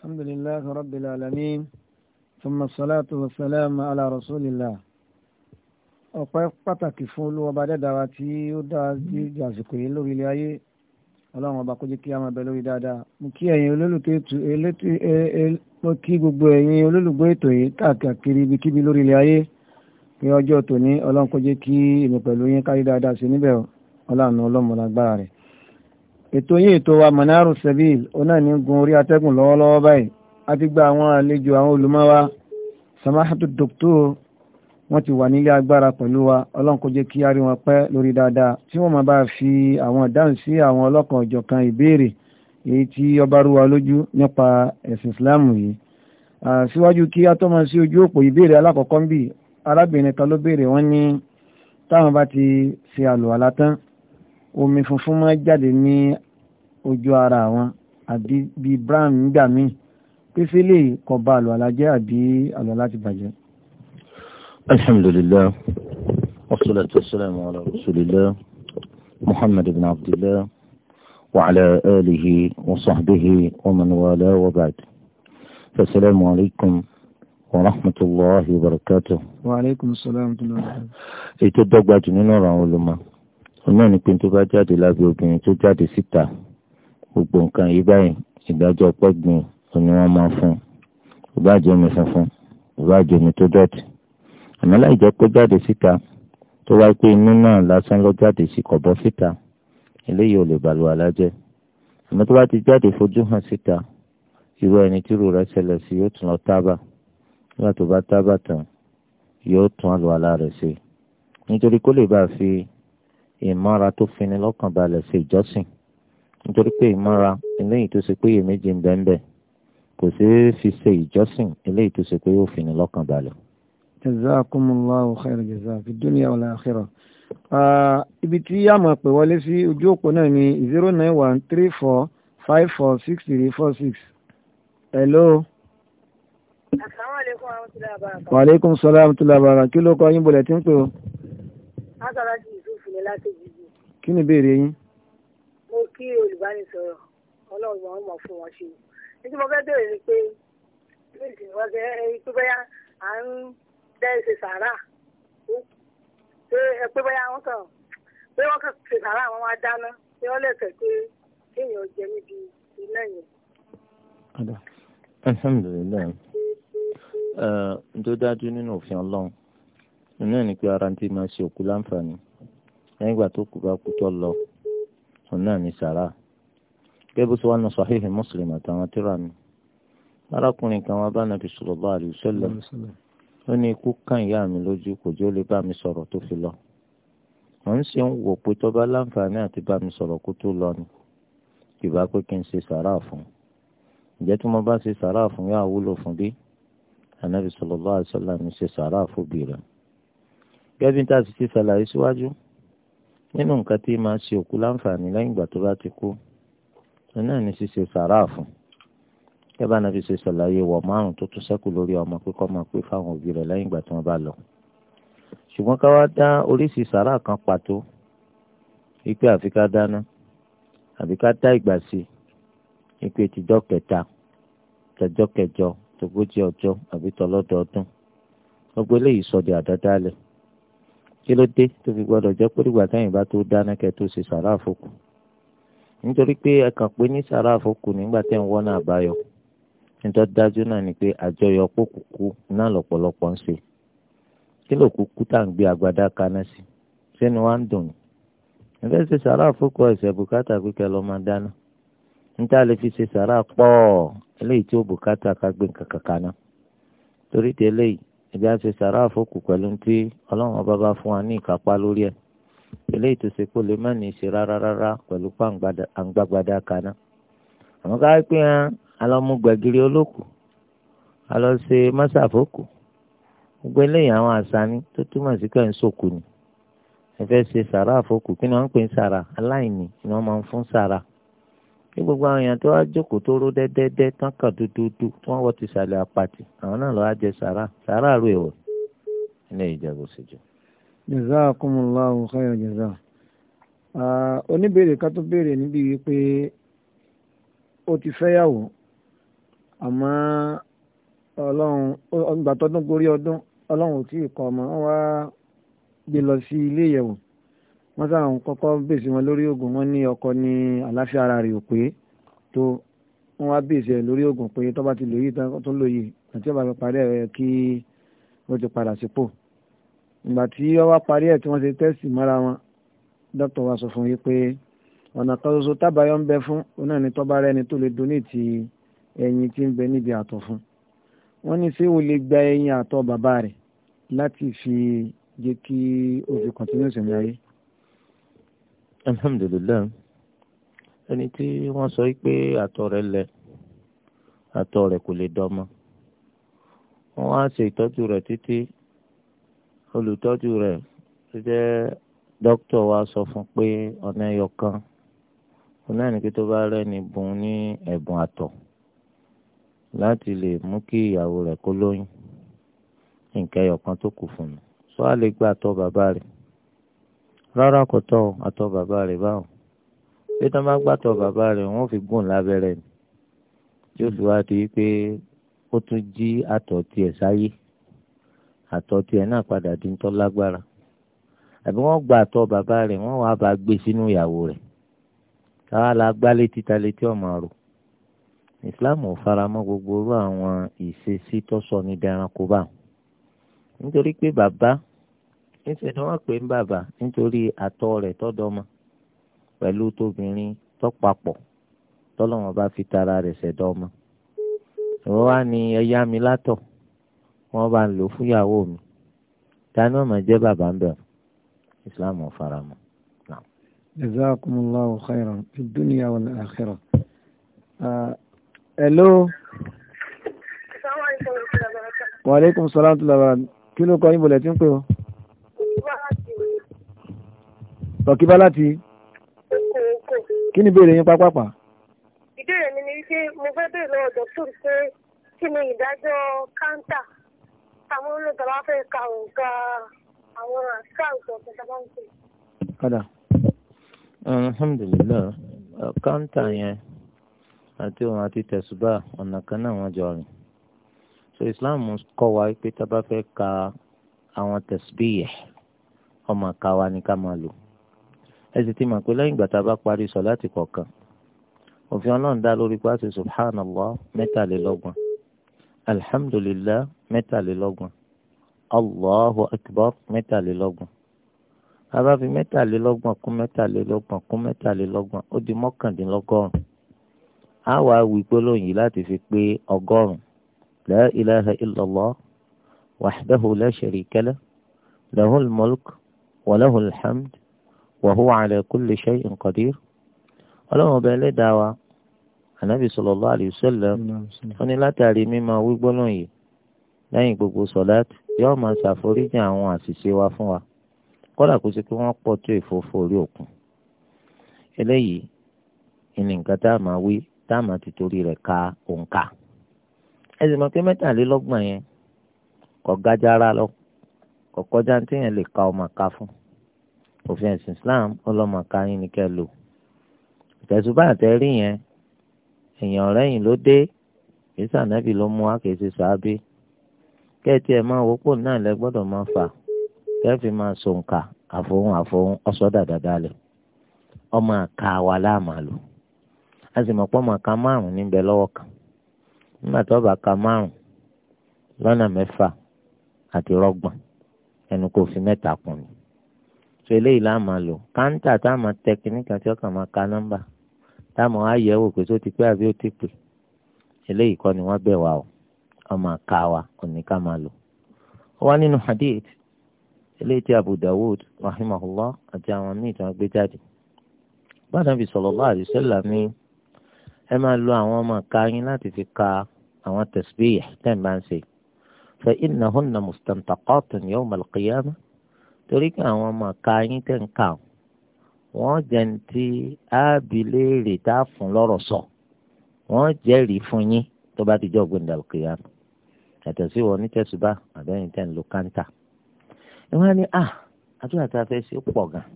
الحمد لله رب العالمين ثم الصلاة والسلام على رسول الله ọpẹ́ pàtàkì fún olúwa ọba dẹ́dára tí ó dáa jí jàǹsìkò yìí lórí ilé ayé ọlọ́run ọba kó jẹ́ kí a máa bẹ lórí dáadáa mo kí ẹ̀yin olólùkẹ́ ètò e, e, mo kí gbogbo ẹ̀yin olólùgbé ètò yìí káàkiri ibikíbi lórí ilé ayé pé ọjọ́ tòní ọlọ́run kó kí èmi pẹ̀lú yín kárí dáadáa sí níbẹ̀ ọlọ́run ọlọ́mọlágbára rẹ̀ ètò yìí ètò wa manaru sabil ọ̀nà ní gun orí atẹ́gùn lọ́wọ́lọ́wọ́ báyìí a ti gba àwọn àlejò àwọn olùmọ́wá samahatu doctor wọ́n ti wà nílé agbára pẹ̀lú wa ọlọ́run kó jẹ́ kí a rí wọn pẹ́ lórí dáadáa tí wọ́n máa bá fi àwọn ìdáhùn sí àwọn ọlọ́kan ọ̀jọ̀kan ìbéèrè èyí tí ọba rú wa lójú nípa ẹ̀sìn islam yìí síwájú kí a tó máa sí ojú òpó ìbéèrè alákọ̀ọ́kọ́ ń bì arábìnrin kan ló béèrè wọ́n ní táwọn bá ti ṣe àlùwàlá tán omi funfun máa jáde ní ojú ara wọn àbí bíi brown nígbà míì pèsè lè kọ ba àlùwàlá jẹ́ àbí àlùwàlá ti bàjẹ́. alhamdulilayi wasalaatu wasalaamu ala rasulillah muhammad ibn abdillah wa ala alihi wa sahbihi wa alaykum wa rahmatulahi wa barakatuh. wa aleykum salaam wa rahmatulah. ètò dọ́gba jù nínú ọ̀rọ̀ àwọn olùmọ̀ náà ni pé tó bá jáde lábẹ́ obìnrin tó jáde síta gbogbo nǹkan yìí báyìí ìdájọ́ pẹ́gbìn ni wọ́n máa fún kò bá jẹ́ omi funfun kò bá jẹ́ omi tó dọ̀tí àmọ́ láì jẹ́ pé jáde síta tó wáá pé inú náà lásán lọ jáde sí kọ̀bọ́ síta eléyìí ò lè bàlù alájẹ́ àmọ́ tó bá ti jáde fojú hàn síta irú ẹni tí irú rẹ̀ ṣẹlẹ̀ sí yóò tún lọ tábà nígbà tó bá tábà tán yóò tún àlọ́ àlá rẹ̀ ṣe nítorí kó lè bá fi ìmọ́ra tó fini lọ́kàn balẹ̀ ṣe ìjọsìn nítorí pé ìmọ́ra eléyìí tó ṣe pé iyèméjì ń bẹ ń bẹ kò ṣeé fi ṣe ìjọsìn eléyìí tó ṣe pé yóò fini lọ́kàn balẹ̀. jazakumullahu khairan jaza fi dunya wal akhirah ibi tí a máa pè wọlé sí ojú òpó náà ni zero nine one three four five four six three four six. hello. asalaamualeykum wa rahmatulahi wa barakatuh. waaleykum salaam wa rahmatulahi wa barakatuh kí ló kọ yín bọ̀lẹ̀ tí ń pè o mi láti jìbì. kí ni ìbéèrè yín. mo kí olùbánisọ̀rọ̀ ọlọ́run wọn mọ̀ fún wọn ṣe o mo fẹ́ bẹ̀rẹ̀ ni pé méjì wọn fẹ́ pé bóyá à ń dẹ́ ṣe sàárà pé bóyá wọn kàn pé wọn kàn ṣe sàárà wọn wá dáná pé wọn lè tẹ̀ pé kéèyàn jẹ níbi iná yẹn. alhamdulilayi ẹ dájú nínú òfin ọlọ́run nínú ẹ̀ pé ara ti máa ṣe òkú láǹfààní lẹ́yìn ìgbà tó kù bá kú tó lọ òun náà ní sàrà gẹ́gẹ́ tí wọ́n lọ Sahih Muslim àtàwọn tíra mi arákùnrin kan wá bá nàbì sallallahu alaihi wasallam ó ní ikú kàn ìyá mi lójú kò jẹ́ ó lè bá mi sọ̀rọ̀ tó fi lọ mò ń ṣe ń wò pé tó bá láǹfààní àti bá mi sọ̀rọ̀ kó tó lọ ni ìbá pé kí n ṣe sàrà fún ǹjẹ́ tí mo bá ṣe sàrà fún yóò wúlò fún bí ànábì sallallahu alaihi wasallam ṣe sàrà fún bìrẹ̀ nínú nǹkan tí máa ṣe òkú láǹfààní lẹ́yìn ìgbà tó bá ti kú ẹ náà ní ṣíṣe sàráà fún kẹ́bà náà fi ṣe ṣàlàyé wọ̀ márùn tó tún ṣẹ́kù lórí ọmọ pé kọ́ máa pé fáwọn òbí rẹ̀ lẹ́yìn ìgbà tí wọ́n bá lọ. ṣùgbọ́n ká wá dá oríṣi sàráà kan pàtó ipe àfi ká dáná àbí ká dá ìgbà sí ipe tìjọ́ kẹta tọjọ́ kẹjọ togójì ọjọ́ àbí tọlọ́dọọdún gbogbo eléyìí sọ di àdádálẹ̀ kí ló dé tó gbọdọ̀ jẹ́ pé táyìn bá tó dáná tó ṣe sàrà àfọkù nítorí pé ẹ kàn pé ní sàrà àfọkù nígbà tẹ́ ń nítorí dájú náà ni pé àjọyọ pọ̀ kúkú náà lọ́pọ̀lọpọ̀ ń ṣe kí ló kúkú tá à ń gbé agbada kaná sí ń dùn ní. ṣe sàrà àfọkù ẹ̀sẹ̀ fi ṣe sàrà pọ̀ eléyìí tí ó bùkátà ẹ̀jẹ̀ á ṣe sàrà àfọkù pẹ̀lú tí ọlọ́run ọba bá fún wa ní ìkápá lórí ẹ̀ eléyìí tó ṣe kó lè má ní í ṣe rárá rárá pẹ̀lú pa àǹgbàgbàdà kaná àwọn ká pé hàn alọ́mú gbẹ̀gìrì olókù alọ́ ṣe gbogbo eléyìí àwọn àṣàní tó túmọ̀ sí kẹ́ ń sòkù ni ẹ fẹ́ ṣe sàrà àfọkù kí ni wọ́n ń pè ń sàrà aláìní ni wọ́n máa ń fún sàrà kí gbogbo àwọn èèyàn tó wá jókòó tó ró dẹ́dẹ́dẹ́ tán kà dúdúdú tí wọ́n wọ́n ti sàlẹ̀ apàtì àwọn náà lọ́wọ́ á jẹ sàrà sàrà rè o ilé ìjẹ́bù sì jù. jazakumullahu khayran jaza oníbèrè ká tó béèrè níbi wípé ó ti fẹ́yàwó àmọ́ ọlọ́run ọgbà tọdún gorí ọdún ọlọ́run ò tí ì kọ́ ọmọ wọn wá gbé lọ sí ilé ìyẹ̀wò wọ́n sáwọn kọ́kọ́ bèsè wọn lórí oògùn wọn ní ọkọ ní àlàáfíà ara rẹ̀ ò pé tó wọ́n wá bèsè lórí oògùn pé tó bá ti lò yìí tó lò yìí àti ọba fi parí ẹ̀ kí ó ti padà sípò ìgbà tí wọ́n wá parí ẹ̀ tí wọ́n ṣe tẹ́sì mọ́ra wọn dókítà wa sọ fún yìí pé ọ̀nà kan ṣoṣo tábàáyọ ń bẹ fún oná ní tọ́ba rẹ ni tó lè donate ẹyin tí ń bẹ níbi àtọ̀ fún wọ́n ní ṣé o lè gba ẹyin àtọ̀ bàbá rẹ̀ láti fi jẹ́ kí o fi continue sẹ̀mí ayé alhamdulilayi ẹni tí wọ́n sọ pé àtọ̀ rẹ̀ lẹ̀ àtọ̀ rẹ̀ kò lè dọ́mọ wọ́n á ṣe ìtọ́jú rẹ̀ títí olùtọ́jú rẹ̀ tó dókítà wa sọ fún pé ọ̀nà ẹyọ kan ọ̀nà ẹnìkan tó bá rẹ́ni bùn ní ẹ̀bùn àtọ̀ láti lè mú kí ìyàwó rẹ̀ kó lóyún nǹkan ẹyọ kan tó kù fún un sọ á gbà tọ́ bàbá rẹ̀ rárá kò tọ́ àtọ̀ bàbá rẹ̀ báwọn pé tó má gbàtọ̀ bàbá rẹ̀ wọ́n fi gùn lábẹ́rẹ́ ni tí ó fi wá di pé ó tún jí àtọ̀ tiẹ̀ sáyé àtọ̀ tiẹ̀ náà padà di ńtọ́ lágbára àbí wọ́n gba àtọ̀ bàbá rẹ̀ wọ́n wàá bá gbé sínú ìyàwó rẹ̀ káwá la gbá létí létí ọmọ rò ìsìláàmù ò fara mọ́ gbogbo irú àwọn ìṣesí tó sọ ní dẹranko báwọn nítorí pé bàbá níṣẹ́ ni wọ́n pè ń bàbà nítorí àtọ̀ rẹ̀ tọ́dọ́mọ pẹ̀lú tóbìnrin tọ́papọ̀ tọ́lọ́wọ́n bá fi tara rẹ̀ ṣẹ̀dọ́mọ. ìwọ́n wá ní ẹyá mi látọ̀ wọ́n bá ń lò fúnyàwó mi ta ni wọ́n máa jẹ́ bàbá ń bẹ̀rù Islam ò fara mọ́. جزاكم الله خيرا في الدنيا والآخرة ألو السلام عليكم ورحمة الله وبركاته وعليكم السلام ورحمة الله وبركاته kí ló kọ́ yín bọ̀lẹ̀ tí ń pè ọ́ tọ̀kíbá láti mm-hmm. kí ni ìbéèrè yín pápápá. ìbéèrè mi ni wípé mo fẹ́ béèrè lọ́wọ́ dọ́kítọ̀ pé kí ni ìdájọ́ káńtà àwọn olóòtú bá fẹ́ ka òǹkà àwọn àṣà ìtọ̀kùn tó bá ń pè. padà. Um, alhamdulillah uh, káńtà yẹn àti òun àti tẹ̀sùbà ọ̀nà kan náà wọ́n jọ rìn so islam kọ́ wa pé tá a bá fẹ́ ka àwọn tẹ̀sùbì yẹ ọmọ àkàwa ni ká máa lò ẹ sì ti mọ̀ pé lẹ́yìn ìgbà tá a bá parí sọ̀láàtì kọ̀ọ̀kan òfin ọlọ́run dá lórí pàṣẹ subhanallah mẹ́tàlélọ́gbọ̀n alhamdulillah mẹ́tàlélọ́gbọ̀n allahu akbar mẹ́tàlélọ́gbọ̀n bàbá fi mẹ́tàlélọ́gbọ̀n kún mẹ́tàlélọ́gbọ̀n kún mẹ́tàlélọ́gbọ̀n ó di mọ́kàndínlọ́gọ́rùn-ún a wà wí gbólóhùn yìí láti fi pé ọgọ́rùn-ún la ilaha illallah wahdahu la sharika lah lahul mulk wa hamd wa huwa ala kulli shay'in qadir ọlọ́run ọba ẹlẹ́dàá wa ànábì sallallahu alayhi wa sallam ó ní látàrí mímọ̀ wígbóná yìí lẹ́yìn gbogbo sọ̀láàtì yóò máa ṣàforíjì àwọn àṣìṣe wa fún wa kódà kó sí pé wọ́n pọ̀ tó ìfòfò orí òkun eléyìí ìní nǹkan tá a máa wí tá a máa ti torí rẹ̀ ka òǹkà ẹ sì mọ̀ pé mẹ́tàlélọ́gbọ̀n yẹn kò gájára lọ kò kọjá ní téèyàn lè ka ọmọ ká fún un òfin ẹ̀sìn Islam ọlọ́mọ̀ọ́ká yín ni kẹ́ lò ìtẹ̀sùbá àtẹ́rí yẹn èèyàn ọ̀rẹ́yìn ló dé kì í ló mú wa kì kẹ́ẹ̀tì ẹ̀ máa náà lẹ gbọ́dọ̀ máa fà kẹ́ẹ̀fì máa sònkà àfohùn àfohùn ọ̀sọ́ lẹ̀ ọmọ àka wa láàmà lò a sì mọ̀ márùn-ún ka márùn-ún lọ́nà mẹ́fà àti rọ́gbọ̀n ẹnu kò fi mẹ́ta so eléyìí la máa lò káńtà tá a máa tẹ kínní kan tí ó kàn máa ka nọ́mbà tá a máa wá yẹ̀wò pé tó ti pé àbí ó ti pè eléyìí kọ́ ni wọ́n bẹ̀ wá o ọ máa ka wa òní ká máa lò. ó wá nínú hadith eléyìí tí Abu Dawud rahimahullah àti àwọn míì tí wọ́n gbé jáde gbọ́dọ̀ fi sallallahu alaihi wasallam ní ẹ máa lo àwọn ọmọ ká láti fi ka àwọn tasbih tẹ̀ ń bá ń ṣe fa innahunna mustantaqatun yawm torí pé àwọn ọmọ ọ̀ka yín tẹ̀ ń kà ó wọ́n jẹ́ ní ti ábìlẹ̀ tá a fún lọ́rọ̀ sọ wọ́n jẹ́rìí fún yín tó bá ti jọ́ gbẹ̀ndà òkè yá yàtọ̀ sí wọn nítẹ̀síbá àbẹ́yìn tẹ̀ ń lo káńtà ẹ wá ní à ah, àdúrà tá a fẹ́ ṣe pọ̀ gan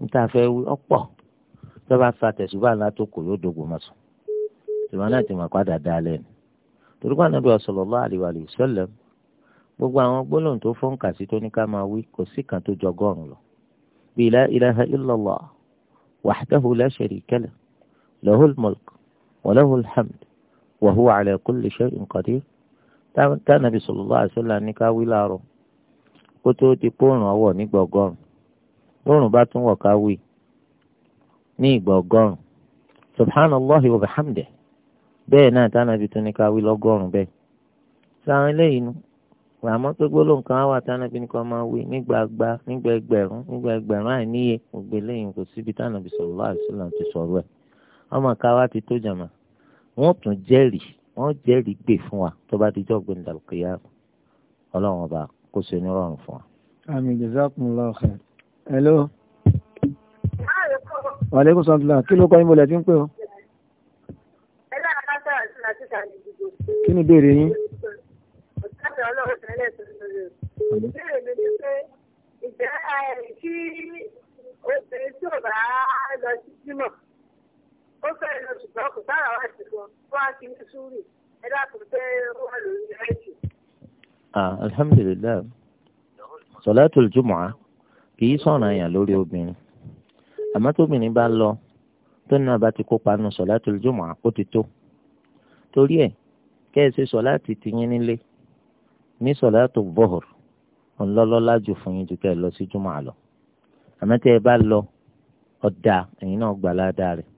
níta fẹ́ wí ọ̀pọ̀ tó bá fa tẹ̀síbá ńlá tó kò yóò dogun mọ́tò tìwọ́n náà ti mọ̀ padà dá lẹ́nu torí pé sallallahu alaihi wa gbogbo àwọn gbólóhùn tó fọ́nkà sí tó ní ká máa wí kò sí kan tó jọgọ́rùn lọ. bí la ilaha illallah wahdahu la sharika lah lahul mulk wa lahul hamd wa huwa ala kulli shay'in qadir tánàbí sallallahu alaihi wasallam ní ká wí láàárọ̀ kó tó di pòrùn ọwọ́ ní gbọ̀gọ́rùn lórùn bá tún wọ̀ ká wí ní ìgbọ̀gọ́rùn subhanallahi àmọ́ pé gbólóhùn kan wà tánàbí nìkan máa wí nígbà gba nígbà ẹgbẹ̀rún nígbà ẹgbẹ̀rún àìníye ògbé lẹ́yìn kò síbi tánàbí sallallahu alaihi wasallam ti sọ̀rọ̀ ẹ̀ ọmọ káwa ti tó jàmà wọ́n tún jẹ́rìí wọ́n jẹ́rìí gbè fún wa tó bá dijọ́ gbẹ̀ndàlùkìyà ọlọ́run ọba kó ṣe ní rọrùn fún wa. àmín jazakumullahu khair. hello. wàlẹ́kùn sọ́ńtìlá kí ló kọ́ yín bọ̀lẹ̀ tí ń pè ọ́. ẹ ìbéèrè mi ni pé ìjẹ́ eh, kí obìnrin tí ò bá lọ sí jímọ̀ ó fẹ́ lọ ṣùgbọ́n kò sára wá sí kan wá sí ní ẹ dákun pé ó wà lórí ẹ̀jẹ̀. alhamdulilayi sọláàtúl jùmọ̀á kì í sọ̀ràn èèyàn lórí obìnrin àmọ́ tóbìnrin bá lọ tó náà bá ti kópa nù sọláàtúl jùmọ̀á ó ti tó torí ẹ̀ kẹ́ ẹ ṣe sọláàtì tìyín nílé ní sọláàtù bọ́hùrù ńlọ́lọ́lá jù fún yín ju kẹ́ ẹ lọ sí júmọ̀ àlọ́ àmọ́ tẹ́ ẹ bá lọ ọ̀dà ẹ̀yin náà gbà ládàá rẹ̀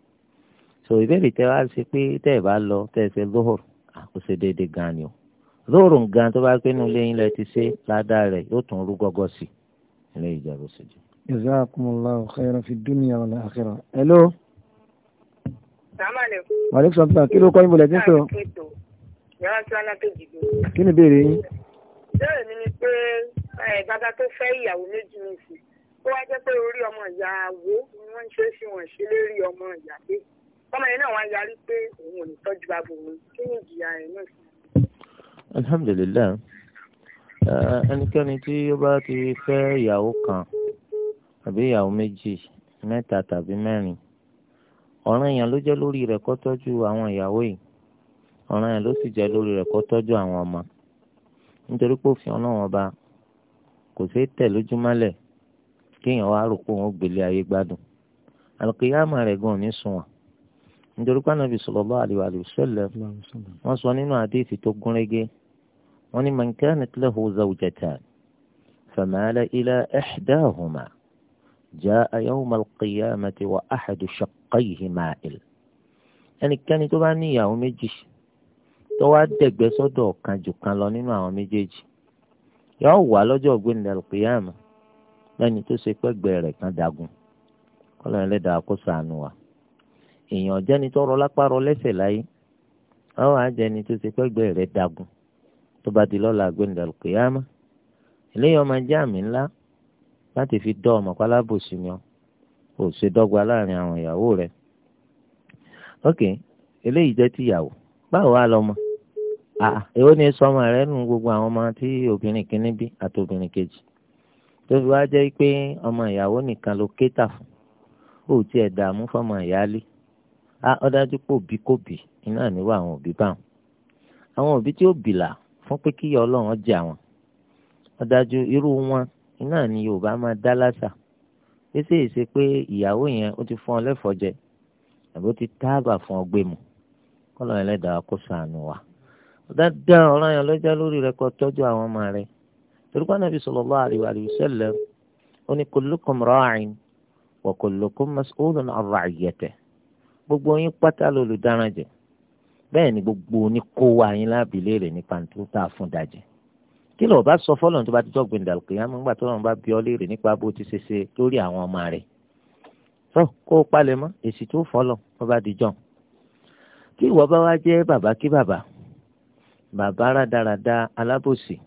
so ìbéèrè tẹ́ wá ṣe pé tẹ́ ẹ bá lọ tẹ́ ẹ ṣe lóhùr àkóso déédéé gan ni o lóhùr gan tó bá pé inú ilé yín lẹ ti ṣe ládàá rẹ̀ yóò tún rú gọ́gọ́ sí i ilé ìjà ló ṣe jù. jazakumullahu khairan fi dunya wal akhirah. hello. salaamaleykum. maaleykum salaam kí ló kọ́ ibùdó bàbá tó fẹ́ ìyàwó méjì nìsí ó wá jẹ́ pé orí ọmọ ìyàwó ni wọ́n ń ṣe é fi wọ́n ṣe lérí ọmọ ìyàwó ọmọ yẹn náà wá yarí pé òun ò ní tọ́jú bàbá òun kí ni ìjìyà rẹ̀ náà sí. alhamdulilayi ẹnikẹ́ni tí ó bá ti fẹ́ ìyàwó kan àbí ìyàwó méjì mẹ́ta tàbí mẹ́rin ọ̀ràn èèyàn ló jẹ́ lórí rẹ̀ kó tọ́jú àwọn ìyàwó yìí ọ̀ràn èèyàn ló sì jẹ́ lórí rẹ̀ kó tọ́jú àwọn ọmọ nítorí pé òfin ọlọ́run ọba kò ṣeé tẹ̀ lójúmọ́lẹ̀ kéèyàn wá rò pé òun gbélé ayé gbádùn àlùkìyámà rẹ̀ gan ní sunwọ̀n nítorí pé ànábì sallallahu alaihi wa sallam wọ́n sọ nínú àdéhìí tó gúnrégé wọ́n ní man kanat lahu zawjatan famala ila ihdahuma jaa yawma al-qiyamati wa ahadu shaqqayhi ma'il ẹnikẹ́ni tó bá ní ìyàwó méjì tó wá dẹ̀gbẹ́ sọ́dọ̀ kan lọ nínú àwọn méjèèjì yóò wà lọ́jọ́ ògbéǹda lùkìyàmù lẹ́ni tó ṣe pẹ́gbẹ́ rẹ̀ kan dagun kọ́lọ́ ẹlẹ́dàá kó ṣàánú wa èèyàn jẹ́ni tó rọ lápá lẹ́sẹ̀ láyé àwọn tó ṣe rẹ̀ dagun tó bá di lọ́la ògbéǹda lùkìyàmù eléyìí ọmọ àmì ńlá láti fi dọ́ ọmọ èwo ni sọmọ rẹ nù gbogbo àwọn ọmọ tí obìnrin kìíní bí àti obìnrin kejì tó fi wá jẹ́ pé ọmọ ìyàwó nìkan ló ké tà fún ó tiẹ̀ dààmú fọmọ ìyáálé á ọdájú pé òbí kò bì iná níwọ̀ àwọn òbí bá wọn àwọn òbí tí ó bìlà fún pé kíyà ọlọ́run jẹ àwọn ọdájú irú wọn iná ni yorùbá máa dá lásà pèsè èsè pé ìyàwó yẹn ó ti fún ọ lẹ́fọ̀ọ́ jẹ àbí ó ti táàbà fún ọ gbé mu kọ́lọ́ ẹlẹ́dàá kó ṣàánú wa dáadáa ọ̀ràn yẹn lọ́jà lórí rẹ̀ kó tọ́jú àwọn ọmọ rẹ̀ torípa nàbí sallallahu alaihi wa sallam ó ní kullukum ra'in wa kullukum mas'ulun 'an ra'iyyatihi gbogbo yín pátá lolùdaràn jẹ bẹ́ẹ̀ ni gbogbo ní kó wa yín lábì léèrè nípa tó tá a fún dajẹ kí ló bá sọ fọlọ́n tó bá ti dọ́gbìn dàlùkì yá mọ́ngbà tó lọ́n bàbá darada alábòsí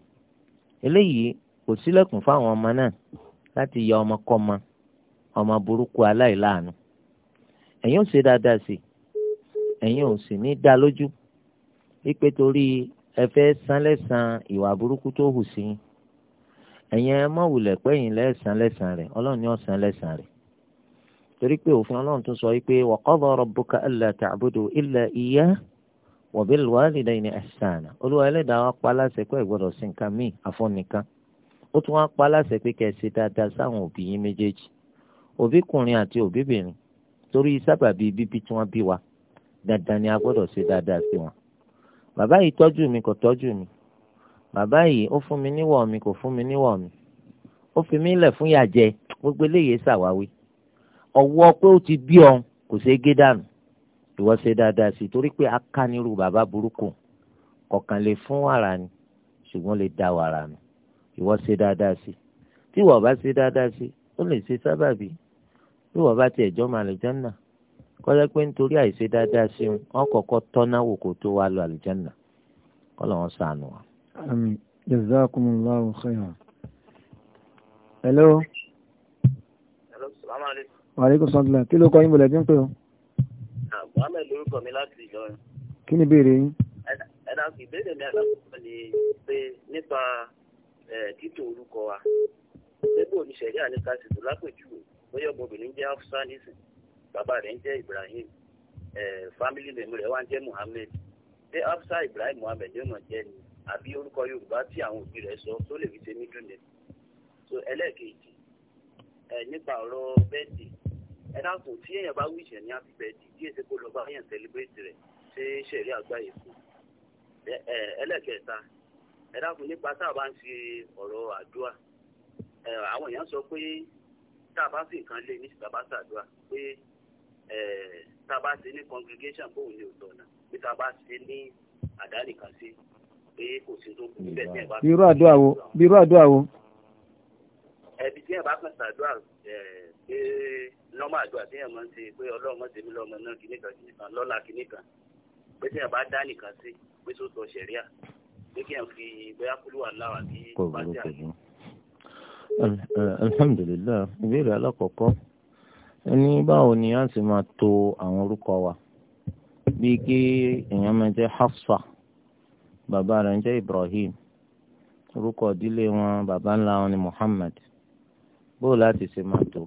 eléyìí kò sílẹ̀kùn fáwọn ọmọ náà láti ya ọmọ kọ́mọ ọmọ burúkú aláìláàánú ẹ̀yin ò ṣe dáadáa sí ẹ̀yin ò sì ní dá lójú wípé torí ẹ fẹ́ san lẹ́san ìwà burúkú tó hù sí yín ẹ̀yin ẹ má wulẹ̀ pẹ́yìn lẹ́san lẹ́san rẹ̀ ọlọ́run ni ó san lẹ́san rẹ̀ torí pé òfin ọlọ́run tún sọ wípé wa qada rabbuka alla ta'budu illa wa bil walidayni ihsana olúwa ẹlẹ́dàá wa pa láṣẹ pé ìgbọ́dọ̀ sí nǹkan míì àfọ́nìkan ó tún wá pa láṣẹ pé kẹ́ ẹ ṣe dáadáa sáwọn òbí yín méjèèjì òbíkùnrin àti òbíbìnrin torí sábàbí bíbí tí wọ́n bí wa dandan ni a gbọ́dọ̀ ṣe dáadáa sí wọn. bàbá yìí tọ́jú mi kò tọ́jú mi bàbá yìí ó fún mi níwọ̀ mi kò fún mi níwọ̀ mi ó fi mí lẹ̀ fún yàjẹ́ gbogbo ìwọ ṣe dáadáa sí i torí pé akánirú bàbá burúkú kọ̀ọ̀kan lè fún wàrà ni ṣùgbọ́n lè da wàrà nù ìwọ ṣe dáadáa sí i tí ìwọ bá ṣe dáadáa sí i ó lè ṣe sábàbí tí ìwọ bá tiẹ̀ jọ́ màlẹ̀ jẹ́nà kọ́lẹ́ pé nítorí àìṣe dáadáa sí i wọ́n kọ́kọ́ tọ́ná wò kó tó wá lọ àlùjẹ́nà kọ́lọ́ wọn sànù wa. àmín jazakumullahu khairan. hello. hello salaamaleykum. waaleykum salaam kí ló kọ́ yín bọ̀lẹ̀ bí ń pè ọ́. Mohammed lórúkọ mi láti Ìlọrin. kí ni ìbéèrè yín. ẹ dàkú ìbéèrè mi àlàkùnrin ni pé nípa títò orúkọ wa gbogbo oníṣẹ̀rí àníkà sì tó lápèjúwe bóyá obìnrin jẹ́ nísìn bàbá rẹ̀ Ibrahim family name rẹ̀ wá ń jẹ́ Mohammed ṣé Ibrahim Mohammed yóò àbí orúkọ Yorùbá tí ẹ dákun tí èèyàn bá wíṣẹ ní happy birthday díẹ̀ tí kò lọ bá yàn celebrate rẹ̀ ṣé ṣẹ̀rí àgbáyé fún ẹlẹ́kẹta ẹ dákun nípa tá a bá ń ṣe ọ̀rọ̀ àdúrà àwọn èèyàn sọ pé tá a bá fi nǹkan lé ní bàbá ṣàdúrà pé tá a bá ṣe ní congregation bóun ní òtọ̀ náà pé tá a bá ṣe ní àdánìkànṣe pé kò sí tó kú bẹ́ẹ̀ tí ẹ bá. bí irú àdúrà wo bí irú àdúrà wo. ẹbí tí ẹ bá kàn ṣàdúrà pé nọ́mà àdúrà tí èèyàn máa ń ṣe pé ọlọ́mọ tèmi lọ́mọ náà kìíní kan kìíní kan lọ́la kìíní kan pé tí èèyàn bá dá nìkan sí pé tó sọ ṣẹ̀ríà pé kí èèyàn fi bóyá kúlù wà láwà sí pàṣẹ àná. alhamdulilayi ìbéèrè alákọ̀ọ́kọ́ ẹni báwo ni a sì máa to àwọn orúkọ wa bíi kí èèyàn máa jẹ́ Hafsa bàbá rẹ̀ ń jẹ́ Ibrahim orúkọ ìdílé wọn bàbá ńlá wọn ni Muhammad bóò láti ṣe máa tó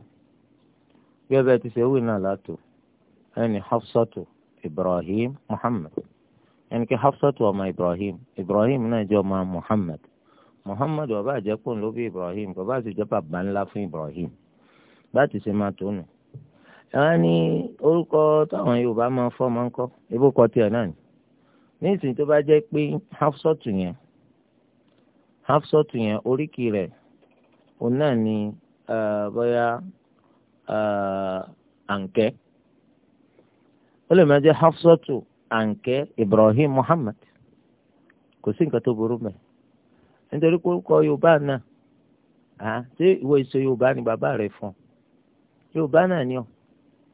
bí ọbẹ̀ ti ṣe wí náà látò ẹni hafsatu ibrahim muhammad ẹni kí hafsatu ọmọ ibrahim ibrahim náà jẹ́ ọmọ muhammad muhammad ọba àjẹpọ̀n ló bí ibrahim kò bá sì jẹ́ bàbá ńlá fún ibrahim bá ti ṣe máa tó nù ẹ̀wọ́n ní orúkọ táwọn yorùbá máa fọ́ máa ń kọ́ ebókọ tiẹ̀ náà ni nísìnyí tó bá jẹ́ pé hafsọ́tù yẹn hafsọ́tù yẹn oríkì rẹ̀ òun náà ni bóyá ànkẹ́ ó lè máa jẹ́ hafsatu ànkẹ́ ibrahim muhammad kò sí nǹkan tó burú mẹ́ nítorí pé orúkọ yorùbá náà à ṣé ìwé ìṣe yorùbá ni bàbá rẹ̀ fún yorùbá náà ni ọ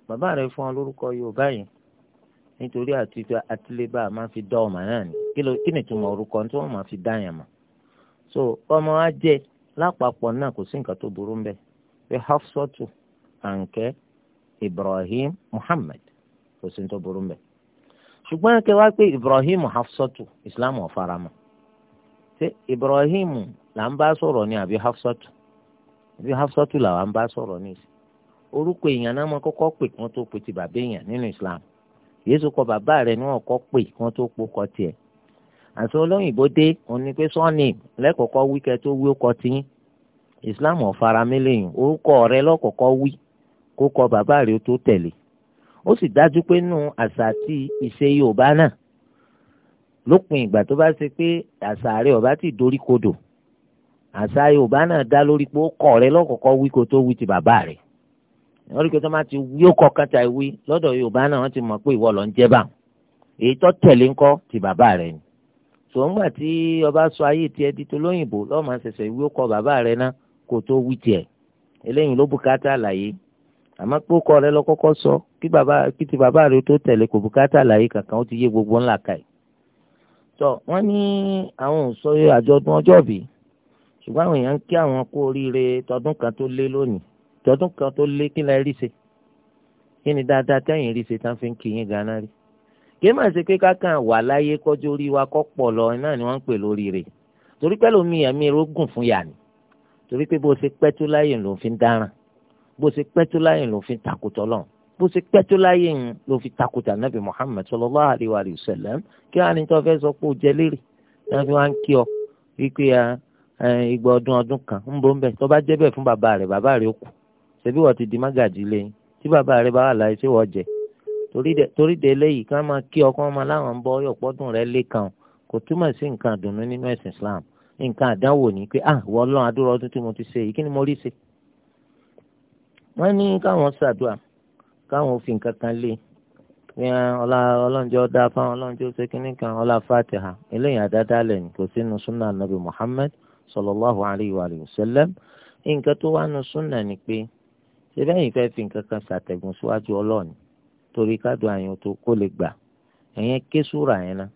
bàbá rẹ̀ fún ọ lórúkọ yorùbá yẹn nítorí àtijọ́ àtìlébà máa fi dá ọmọ náà ni kí ni ìtumọ̀ orúkọ tí wọ́n máa fi dá yẹn mọ̀ so ọmọ wa jẹ lápapọ̀ náà kò sí nǹkan tó burú mbẹ pé hafsatu anke ibrahim muhammed kò sí tó burú mbẹ ṣùgbọ́n wá pé ibrahim hafsatu islam ọ̀farama ṣé ibrahim là ń bá sọ̀rọ̀ ni àbí hafsatu àbí hafsatu làwa ń bá sọ̀rọ̀ ni orúkọ èèyàn náà máa kọ́kọ́ pè kí wọ́n tó ti bàbá èèyàn nínú islam yéésù kọ bàbá rẹ ni wọ́n kọ́ pè kí wọ́n tó po kọ tiẹ̀ àti olóyìnbó dé òun ni pé sọ́ọ̀nì lẹ́kọ̀ọ́kọ́ wí kẹ́ tó wí ó tiyín islam kó kọ bàbá rẹ̀ tó tẹ̀lé ó sì dájú pé nù àṣà àti ìṣe yorùbá náà lópin ìgbà tó bá ṣe pé àṣà rẹ̀ ọba ti dorí kodò àṣà yorùbá náà dá lórí pé ó kọ rẹ̀ lọ́kọ̀ọ̀kọ́ wí kó tó wí ti bàbá rẹ̀ wọ́n rí i pé tó máa ti wí ó kọ̀ọ̀kan ta ìwí lọ́dọ̀ yorùbá náà wọ́n ti mọ̀ pé ìwọ ló ń jẹ́ bá èyí tó tẹ̀lé ńkọ́ ti bàbá rẹ̀ ni sòǹgbà tí ọba sọ ayé tiẹ̀ di tó lọ́ọ́ máa ṣẹ̀ṣẹ̀ ìwé ó kọ bàbá rẹ̀ náà kó tó wí tiẹ̀ eléyìí ló bùkátà àlàyé àmọ́ pé ó kọ rẹ lọ kọ́kọ́ sọ kí bàbá kí ti bàbá rẹ tó tẹ̀lé kò bùkátà láyé kankan ó ti yé gbogbo ńlá ka yìí. tó wọ́n ní àwọn ò sọ àjọdún ọjọ́ bí ṣùgbọ́n àwọn èèyàn ń kí àwọn kú oríire tọdún kan tó lé lónìí tọdún kan tó lé kí lẹ rí ṣe kí ni dáadáa tẹ́yìn rí ṣe tán fi ń kí yín ganan rí. kí màá ṣe pé kákan wà láyé kọjú orí wa kọ́ pọ̀ lọ náà ni wọ́n ń pè lóríire torí pẹ́ lómi ẹ̀mí rógùn fún yà torí pé bó ṣe pẹ́ tó láyè ló fi ń dáràn bó ṣe pẹ́ tó láyé ló fi takùtọ̀ lọ bó ṣe pẹ́ láyé ló fi takùtà nàbì Muhammad sallallahu alaihi wa sallam kí wọ́n á ní tó fẹ́ sọ pé ó jẹ lérè náà fi wá ń kí ọ wípé ìgbà ọdún ọdún kan ń bọ́ ń bẹ̀ tó bá jẹ́ bẹ́ẹ̀ fún bàbá rẹ̀ bàbá rẹ̀ ó kù ṣebí wọ́n ti di mágàjì lẹ́yìn tí bàbá rẹ̀ bá wà láyé ṣé wọ́n jẹ torí de eléyìí ká máa kí ọkọ ọmọ láwọn ń bọ ọyọpọdún rẹ lẹ́kàn kò túmọ̀ sí nǹkan àdùnnú nínú ẹ̀sìn Islam nǹkan àdánwò ni pé ah wọ́n lọ́n adúrà ọdún tí mo ti ṣe yìí kí ni mo rí ṣe wọ́n ní káwọn ṣàdúrà káwọn òfin kankan lé ọlá ọlọ́njọ́ dá fáwọn ọlọ́njọ́ ṣe kínní kan ọlá fatiha eléyìí àdádálẹ̀ ní kò sínú súnà nàbì muhammed sallallahu alayhi wa sallam nǹkan tó wà nù súnà ni pé ṣẹbẹ́ yìí fẹ́ fi nǹkan kan ṣàtẹ̀gùn síwájú ọlọ́ọ̀ni torí kádùn àyàn tó kó lè gbà ẹ̀yẹn ké súra yẹn ná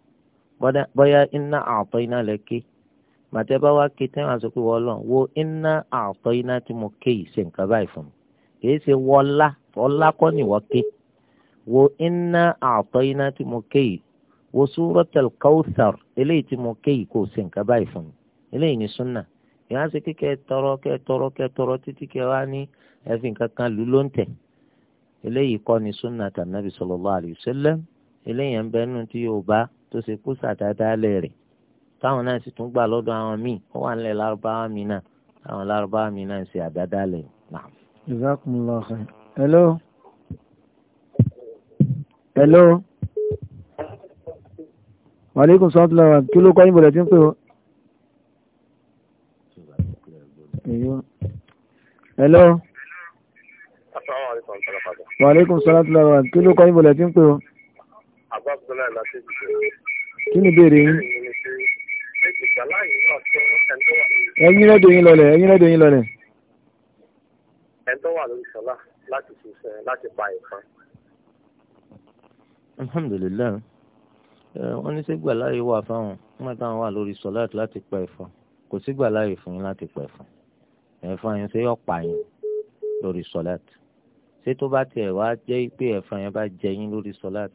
bọ́yá inna a'tayna lẹ ké màtẹ́ bá ké tẹ́wọ̀n àṣọ pé wọ́n lọ wo inna a'tayna tí mo ké yìí ṣe nǹkan báyìí fún mi kìí ṣe wọlá ọlá kọ́ nìwọ́ ké wo inna a'tayna tí mo ké yìí wo suratul kawthar eléyìí tí mo ké yìí kò ṣe nǹkan báyìí fún mi eléyìí ní súnà ìyá ṣe kíkẹ́ tọrọ kẹ́ tọrọ kẹ́ tọrọ títí kẹ́ wá ní ẹ̀fìn kankan lù ló ń tẹ̀ eléyìí kọ́ ni súnà tànàbí sallallahu alayhi eléyìí ń bẹ́ẹ̀ tí yóò bá tó ṣe kú sàdádálẹ̀ rẹ̀ táwọn náà sì tún gbà lọ́dọ̀ àwọn míì ó wà nílẹ̀ lárúbáwá mi náà àwọn lárúbáwá mi náà ń ṣe àdádálẹ̀ náà jazakumullah khair hello hello wàlíkùn sọ́tùlọ́wà kí ló kọ́ ìbòlẹ̀ tí ń pè ó hello wàlíkùn sọ́tùlọ́wà kí ló kọ́ ìbòlẹ̀ tí ń pè ó kí ni béèrè yín ẹ̀yin lẹ́dọ̀ yín lọlẹ̀ ẹ̀yin lẹ́dọ̀ yín lọlẹ̀ wà lórí sọlá láti ṣiṣẹ́ láti pa ìfọn. alhamdulilayi wọn ní sí gbàláyé wà fáwọn nígbà táwọn wà lórí sọlá láti pa ìfọn kò sí gbàláyé fún yín láti pa ìfọn ẹ̀fọn yẹn ṣe yọ pa yín lórí sọlá ṣé tó bá tiẹ̀ wá jẹ́ pé ẹ̀fọn yẹn bá jẹ yín lórí sọlá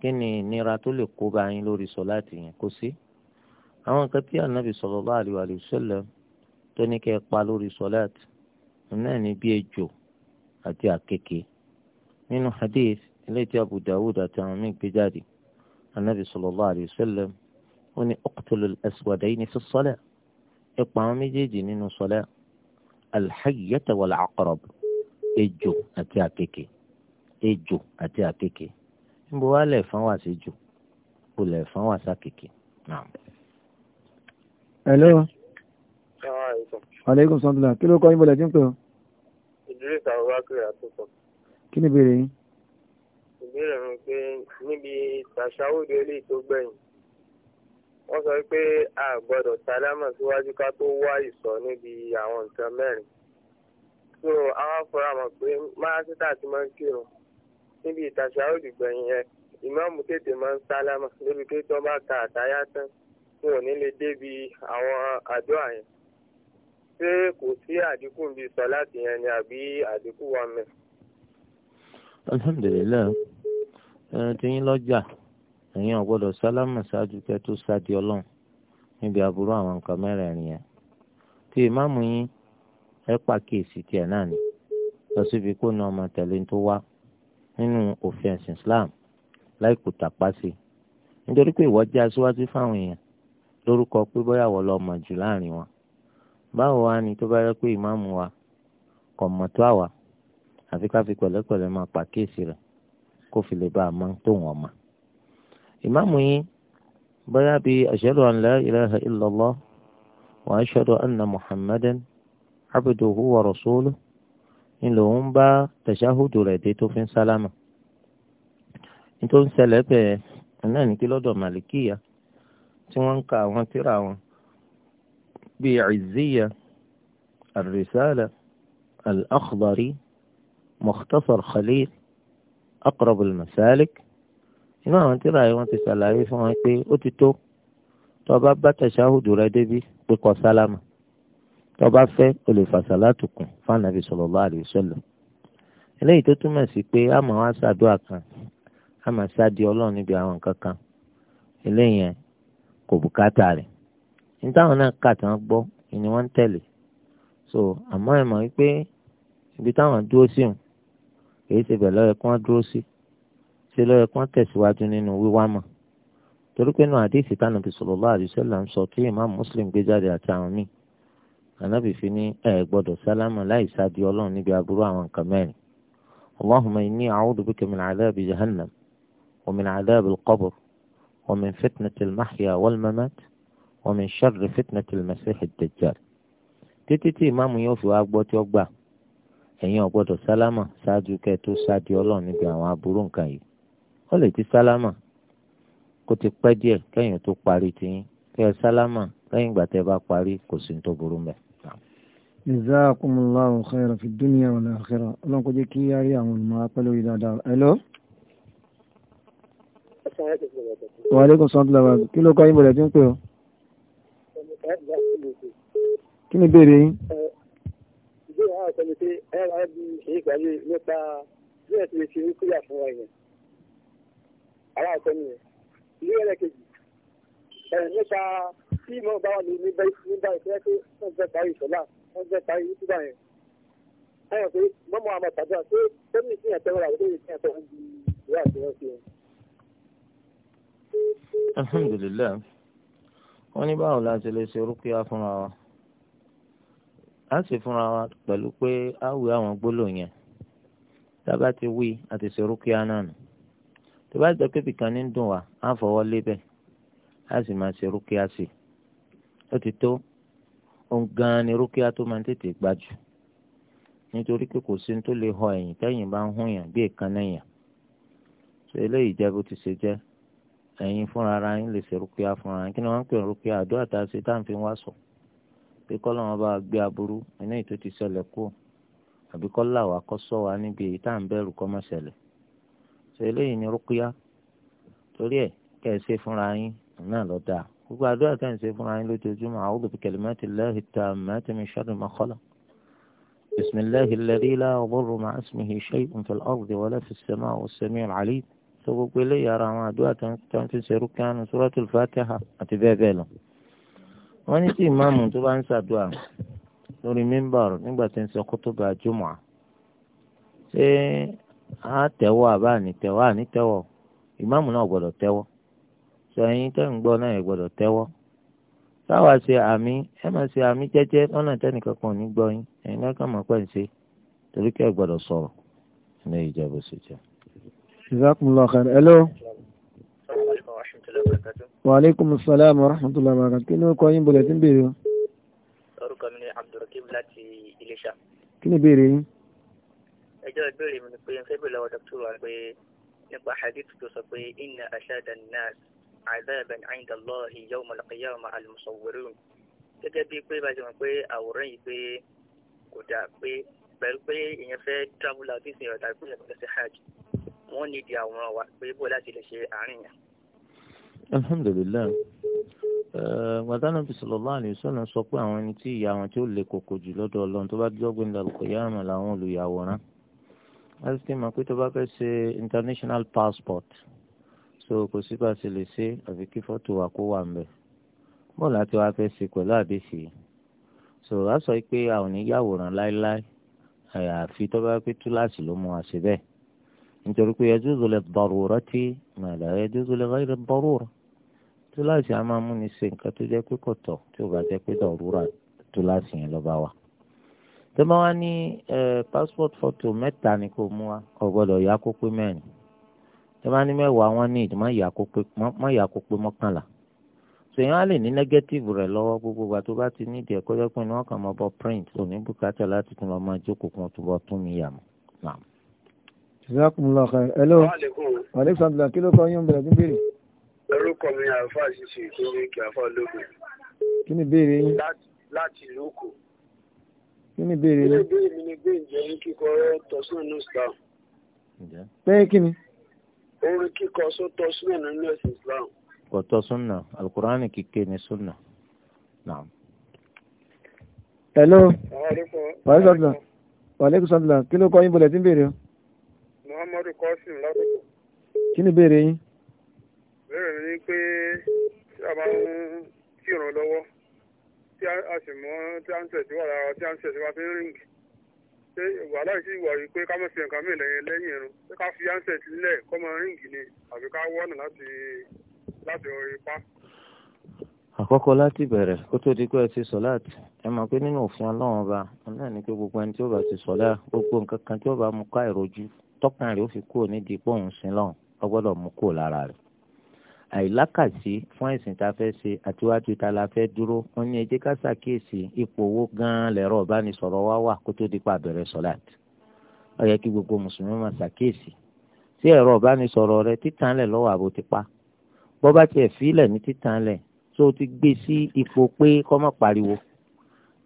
kí ni ìnira tó lè kó bá yín lórí sọlá yẹn kò sí àwọn nǹkan tí ànábì sallallahu alaihi wasallam tó ní kẹ́ pa lórí sọlá yẹn náà ní bí ejò àti àkekèé nínú hadith iléetí abu dawud àti àwọn míì gbé jáde anabi sallallahu alayhi wa sallam ó ní uqtulul aswadayni fi ssalah ẹ pa àwọn méjèèjì nínú sọlẹ alhayyata wal aqrab ejò àti àkekèé ejò àti àkekèé níbo wá lẹ̀ fún wa sí jù kò lẹ̀ fún wa sákèké. hello aleykum sọ́ńtìlá kí ló kọ́ yín bọ̀lẹ̀ tí ń pè ọ́. ìdúrésà wákìrì àtúntò. kí ni ìbéèrè yín. ìbéèrè mi pé níbi tàṣàwùdù eléyìí tó gbẹ̀yìn wọ́n sọ pé a gbọ́dọ̀ sálámà síwájú ká tó wá ìsọ níbi àwọn nǹkan mẹ́rin. so àwọn afọlá mọ̀ pé márásítà ti máa ń kírun níbi ìtàṣàwùdù gbẹ̀yìn yẹn ìmáàmù tètè máa ń sálámà débi pé tó bá ka àtáyá tán wọn ò ní lè débi àwọn àdúrà yẹn ṣé kò sí àdínkù bíi sọláàtì yẹn ni àbí àdínkù wà mẹ́. alhamdulilayi tiyín lọ́jà ẹ̀yin ọ̀gbọ́dọ̀ sálámà ṣáájú kẹ́ tó sáàdì ọlọ́run níbi àbúrò àwọn nǹkan mẹ́rẹ̀ẹ̀rin yẹn tí ìmáàmù yín ẹ pàkíyèsí tiẹ̀ náà ni lọ síbi kó na ọmọ tẹ̀lé tó wá nínú òfin ẹ̀sìn Islam láì kò tàpá sí i nítorí pé ìwọ jẹ́ aṣíwájú fáwọn èèyàn lórúkọ pé bóyá wọ́n lọ́ọ́ mọ̀ jù láàrin wọn báwo wá ni tó bá yẹ pé ìmáàmù wa kò mọ̀ tó àwa àfi ká fi pẹ̀lẹ́pẹ̀lẹ́ máa pàkíyèsí rẹ̀ kó fi lè bá a mọ̀ tó wọ̀n mọ̀. ìmáàmù yín bóyá bíi ashhadu an la ilaha illallah wa ashhadu anna muhammadan abduhu wa rasuluhu ni lòun bá tẹ̀sáhùdù rẹ̀ dé tó fi ń sálámà. nítorí sẹlẹ̀ bẹ́ẹ̀ náà ní kí lọ́dọ̀ màlìkíyà tí wọ́n ń ka àwọn tíra wọn bíi Izziya Ar-Risala Al-Akhdari Mukhtasar Khalil Aqrab Al-Masalik inú àwọn tíra yìí wọ́n ti ṣàlàyé fún wọn pé ó ti tó tọba bá tẹ̀síáhùdù rẹ débi pé kọ sálámà tọba fẹ́ o lè fà sàlátù kún fànàbí sallallahu alaihi wasallam eléyìí tó túmọ̀ sí pé a máa wá ṣàdúrà kan a máa ṣáàdì ọlọ́run níbi àwọn nǹkan kan eléyìí kò bùkátà rẹ̀ ní táwọn náà kà tán gbọ́ ni wọ́n ń tẹ̀lé so àmọ́ ẹ mọ̀ wípé ibi táwọn dúró sí òun kì í ṣe bẹ̀ lọ́yẹ kí wọ́n dúró sí ṣe lọ́yẹ kí wọ́n tẹ̀síwájú nínú wíwá mọ̀ torí pé nù àdéhìí tánà bí sallallahu alaihi wasallam ń sọ tí Imam Muslim gbé jáde àti àwọn míì ànábì fi ní ẹ gbọ́dọ̀ sálámà láì sáàdì Ọlọ́run níbi aburú àwọn nǹkan mẹ́rin Allahumma inni a'udhu bika min adhabi jahannam wa min adhabi al-qabr wa min fitnati al-mahya wal-mamat wa min sharri fitnatil masihid dajjal títí tí ìmáàmù yóò fi wá gbọ́ tí ó gbà ẹ̀yin ọ̀gbọ́dọ̀ sálámà ṣáájú kẹ́ tó ṣáájú ọlọ́run níbi àwọn aburú nǹkan yìí ó lè ti sálámà kó ti pẹ́ díẹ̀ kẹ́yìn tó parí tiyín kẹ́ ẹ sálámà lẹ́yìn ìgbà tẹ́ bá parí kò sí ní tó burú mẹ́. jazakumullahu khairan fi dunya wal akhirah ọlọ́run kò jẹ́ kí á rí àwọn olùmọ̀ apẹ́lẹ́ orí dáadáa hello. wàhálà kò sọ́ńtì làwọn kí ló kọ́ yín bọ̀dẹ̀ tí ń pè ọ́ kí ni ìbéèrè yín. ìbéèrè àwọn ọ̀sẹ̀ ni pé ẹ̀rọ ẹ̀bí ṣe é gbàgbé nípa bí ẹ̀ ti lè ṣe fún wa yẹn. àwọn ọ̀sẹ̀ ni ìlú ẹ̀rẹ̀ kejì nípa tí mo bá wà ní níbẹ̀ nígbà ìfẹ́ pé wọ́n fẹ́ parí ìṣọ̀lá wọ́n fẹ́ parí ìtúbà yẹn. ẹ̀rọ pé mọ́mọ́ àmọ́ tàbí àti tó ní ìsìn àtẹ̀wọ̀rà àti ìsìn àtẹ̀wọ̀rà alhamdulillah wọ́n ní báwo la ṣe lè ṣe fúnra wa a si fúnra wa pẹ̀lú pé a wí àwọn gbólóhùn yẹn ti wí àti ṣe rúkìá náà nù tó bá jẹ́ pébì kan ní dùn wá á a sì máa ṣe rúkìá sí ó ti tó òun gan-an ni tó máa ń tètè gbájú nítorí pé kò sí ní tó lè họ ẹ̀yìn tẹ́yìn bá ń hún so eléyìí jẹ́ ti ṣe jẹ́ ẹ̀yin fúnra ara yín lè ṣe rúkìá fúnra yín kí ni wọ́n ń pè rúkìá àdúrà tá a ṣe tá à ń fi wá sọ pé kọ́ lọ́wọ́ bá gbé aburú iná ètò ti ṣẹlẹ̀ kú àbí kọ́ là wá kọ́ sọ wá níbi èyí tá à ń bẹ̀rù kọ́ mọ́ ṣẹlẹ̀ ṣe eléyìí ni rúkìá torí ẹ̀ kẹ́ ẹ ṣe fúnra yín náà lọ dáa gbogbo àdúrà tá à fúnra yín lójoojúmọ́ a'udhu bi بسم الله الذي لا يضر مع اسمه شيء في الأرض ولا في السماء والسميع العليم tó gbogbo eléyìí ara àwọn àdúrà tó ń ti ṣe rúkìánu suratul fatiha àti bẹ́ẹ̀ bẹ́ẹ̀ lọ. wọ́n ní tí ìmáàmù tó bá ń ṣàdúrà lórí mímbàrò nígbà tí ń sọ kútúbà jùmọ̀ ṣé á tẹ́wọ́ àbá ní tẹ́wọ́ ìmáàmù náà gbọ́dọ̀ tẹ́wọ́ sọ tẹ́ ń gbọ́ náà gbọ́dọ̀ tẹ́wọ́ táwa ṣe àmì ẹ máa ṣe àmì jẹ́jẹ́ lọ́nà ò ní gbọ́ yín ẹ̀yin lọ́kàn torí kẹ́ gbọ́dọ̀ sọ̀rọ̀ jazakumullahu khair hello. wa aleykum salaam wa rahmatullahi wa barakatuh kí ni ó kọ́ yín bọ̀lẹ̀ tí ń bèrè o. orúkọ mi ni abdulrakeem láti iléṣà. kí ni ìbéèrè yín. ẹjọ́ ìbéèrè mi ni pé n fẹ́ bèrè lọ́wọ́ dr wa pé nípa hadith tó sọ pé inna ashada an-nas azaban 'inda Allahi yawm al-qiyamah al-musawwirun gẹ́gẹ́ bíi pé bá ṣe mọ̀ pé àwòrán yìí pé kò dáa pé pẹ̀lú pé èèyàn fẹ́ travel out ìsìn ọ̀dà ìpínlẹ̀ kọ́lẹ́sì hajj wọ́n ní di àwòrán wa pé bó láti lè ṣe àárín yẹn. alhamdulilayi gbadana bisalòláà ní sọ̀nà sọ pé àwọn ẹni tí ìyá wọn tí ó le koko jù lọ́dọ̀ ọlọ́run tó bá dọ́gbìn lálùkọ̀yàmọ̀ làwọn olùyàwòrán láti mọ̀ pé tó bá fẹ́ ṣe international passport so kò sí bá ṣe lè ṣe àfi kí fọ́tò wa kó wà mbẹ̀ bọ́ọ̀lù àti wa fẹ́ ṣe pẹ̀lú àdéṣe so a sọ pé a ò ní yàwòrán láéláé àyàfi tó bá pé túláàsì ló mú wa ṣe bẹ́ẹ̀ nítorí pé yajuzu lid-darurati ma la yajuzu li ghayri ad-darura túláàsì á máa múni ṣe nǹkan tó jẹ́ pé kọ̀tọ̀ tí ò bá jẹ́ pé dọ̀rúra túláàsì yẹn ló bá wà. tó bá wá ní passport photo mẹ́ta ni kò mú wa kò gbọ́dọ̀ yá kó pé mẹ́rin tó bá ní mẹ́wàá wọn ní ìdí má yá kó pé mọ́kànlá. sèyàn á lè ní nẹ́gẹ́tìfù rẹ̀ lọ́wọ́ gbogbo ìgbà tó bá ti ní ìdí ẹ̀kọ́ jẹ́ ni wọ́n kàn mọ́ bọ́ print òní bùkátà láti tún lọ máa jókòó kan tó bọ́ tún mi yà jazakumullahu khair hello alexander kí ló kọ yín bẹ̀rẹ̀ fún béèrè. orúkọ mi àfa ṣiṣe ìkórè kí àfa ológun. kí ni béèrè yín. láti ìlú òkò. kí ni béèrè yín. ìbéèrè mi ni pé ǹjẹ́ orin kíkọ tọ́sán ní islam. pé kí ni. orin kíkọ sọ tọ́sán nínú ẹ̀sìn islam. kò tọ́ súnà alukur'ani kíké ni súnà. naam. hello. wàhálà sọ̀tàn wàhálà kí ló kọ yín bọ̀lẹ̀ tí ń béèrè muhammadu kọ́sìn lọ́dọ̀. kí ni ìbéèrè yín. ìbéèrè mi ni pé tí a bá ń kírun lọ́wọ́ tí a sì mọ tí a ń tẹ̀síwá lára tí a ń tẹ̀síwá fi ń ríǹgì ṣé wàhálà yìí sì wà yìí pé ká má ṣe nǹkan mìíràn lẹ́yìn lẹ́yìn irun pé ká fi ansẹ̀ sílẹ̀ kọ́ máa ríǹgì ni àbí ká wọ́nà láti láti orí pa. àkọ́kọ́ láti bẹ̀rẹ̀ kó tó di pé ẹ ti sọ̀láàtì ẹ mọ̀ pé nínú òfin ọlọ́run ọba náà ni pé gbogbo ẹni tí ó bá ti sọ̀lá gbogbo nǹkan kan tí ó bá mú ká ìrojú tọ́kàn rẹ̀ ó fi kúrò nídìí pé òun sin lọ́hùn ọ gbọ́dọ̀ mú kúrò lára rẹ̀ àìlákàsí fún ẹ̀sìn tá a fẹ́ ṣe àtiwájú tá la fẹ́ dúró wọn ní ẹ jẹ́ ká ṣàkíyèsí ipò owó gan-an lẹ́rọ ìbánisọ̀rọ̀ wá wà kó tó dípa àbẹ̀rẹ̀ sọ̀láàtì ó yẹ kí gbogbo mùsùlùmí máa ṣàkíyèsí tí ẹ̀rọ ìbánisọ̀rọ̀ rẹ títànlẹ̀ lọ́wọ́ àbò ti pa bọ́ bá tiẹ̀ fílẹ̀ ní títànlẹ̀ tó ti gbé sí ipò pé kó pariwo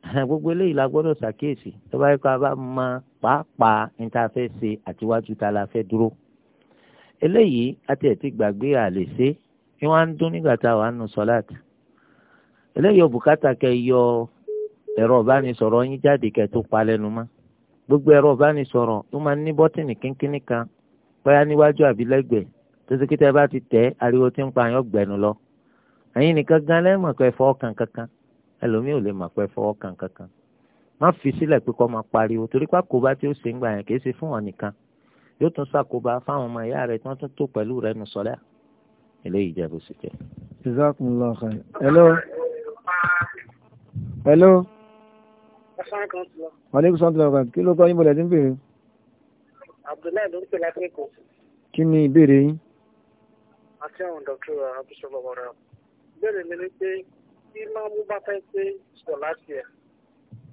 gbogbo eléyìí la gbọ́dọ̀ ṣàkíyèsí tó bá yẹ kó a bá mọ pàápàá níta fẹ́ ṣe àtiwájú ta la fẹ́ dúró eléyìí àti ẹ̀tí gbàgbé àlè ṣe ni wọ́n á ń dún nígbà tá a wà nù sọ́láàtì eléyìí òbúkátà kẹ yọ ẹ̀rọ ìbánisọ̀rọ̀ yín jáde kẹ tó pa lẹ́nu mọ́ gbogbo ẹ̀rọ ìbánisọ̀rọ̀ ló máa ń ní bọ́tìnì kínkínní kan bóyá níwájú àbí lẹ́gbẹ̀ẹ́ títí kí bá ti tẹ̀ ariwo tí ń pa yín ọ̀gbẹ́nu lọ ẹ̀yin nìkan gan lẹ́mọ̀ ẹlòmíì ò lè mà pẹ́ fọwọ́ kan kankan má fi sílẹ̀ pé kó máa pariwo torí pákóbá tí ó ṣe ń gbà yẹn kìí ṣe fún ọ nìkan yóò tún ṣàkóbá fáwọn ọmọ ìyá rẹ tí wọ́n tún tó pẹ̀lú rẹ nù sọ́lá eléyìí jẹ́ bó ṣe jẹ́. hello. hello. maaleykum salaam wa rahmatulah kí ló kọ́ yín bọ̀lẹ̀ tí ń bèrè. abdullahi ló ń pè láti èkó. kí ni ìbéèrè yín. àti àwọn dọ́kítà abdulsalom ọ̀rẹ́ bẹ́ẹ̀ ni mi ní pé tí máàmù bá fẹ́ pé sọ̀ láti ẹ̀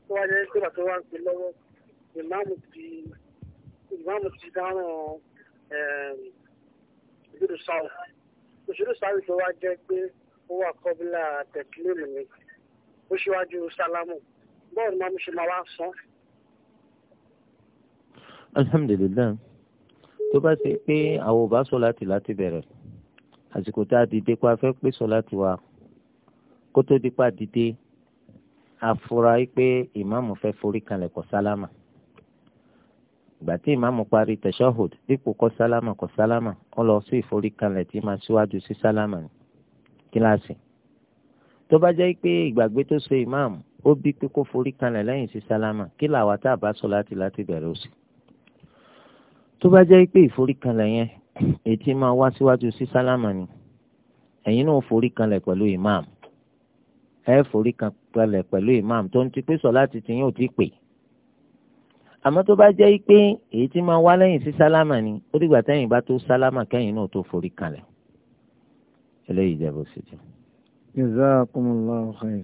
tó wá jẹ́ pé bàtọ́ wá ń pè lọ́wọ́ ìmáàmù ti ìmáàmù ti dáràn ìdúró sáwù òṣèlú sáwù tó wá jẹ́ pé ó wà kọ́bílà tẹ̀kílìmù ni ó ṣíwájú sálámù bọ́ọ̀lù máàmù ṣe máa wá sán. alhamdulilayi tó bá ṣe pé àwọn ò bá sọ láti láti bẹ̀rẹ̀ àsìkò tá a dìde pa fẹ́ pé sọ láti wà kótó dípa dìde afura pé ìmáàmù fẹ́ forí kanlẹ̀ kó sálámà ìgbà tí ìmáàmù parí tẹ̀sọ́hùd dípò kó sálámà kó sálámà ó lọ sí ìforí kanlẹ̀ tí máa síwájú sí sálámà ní kíláàsì tó bá jẹ́ pé ìgbàgbé tó so ìmáàmù ó bí pé kó forí kanlẹ̀ lẹ́yìn sí sálámà kí làwa tá a bá sọ láti láti bẹ̀rẹ̀ òsì tó bá jẹ́ pé ìforí kanlẹ̀ yẹn ètí máa wá síwájú sí sálámà ní ẹ̀yin náà forí kanlẹ̀ pẹ̀lú ìmáàmù ẹ forí kan pẹlẹ̀ pẹ̀lú imam tó ń ti pé sọ̀láàtì ti yín ò ti pè àmọ́ tó bá jẹ́ pé èyí tí máa wá lẹ́yìn sí sálámà ni ó dìgbà tẹ́yìn bá tó sálámà kẹ́yìn náà tó forí kalẹ̀ eléyìí jẹ́ bó ṣe jẹ́. jazakumullahu khair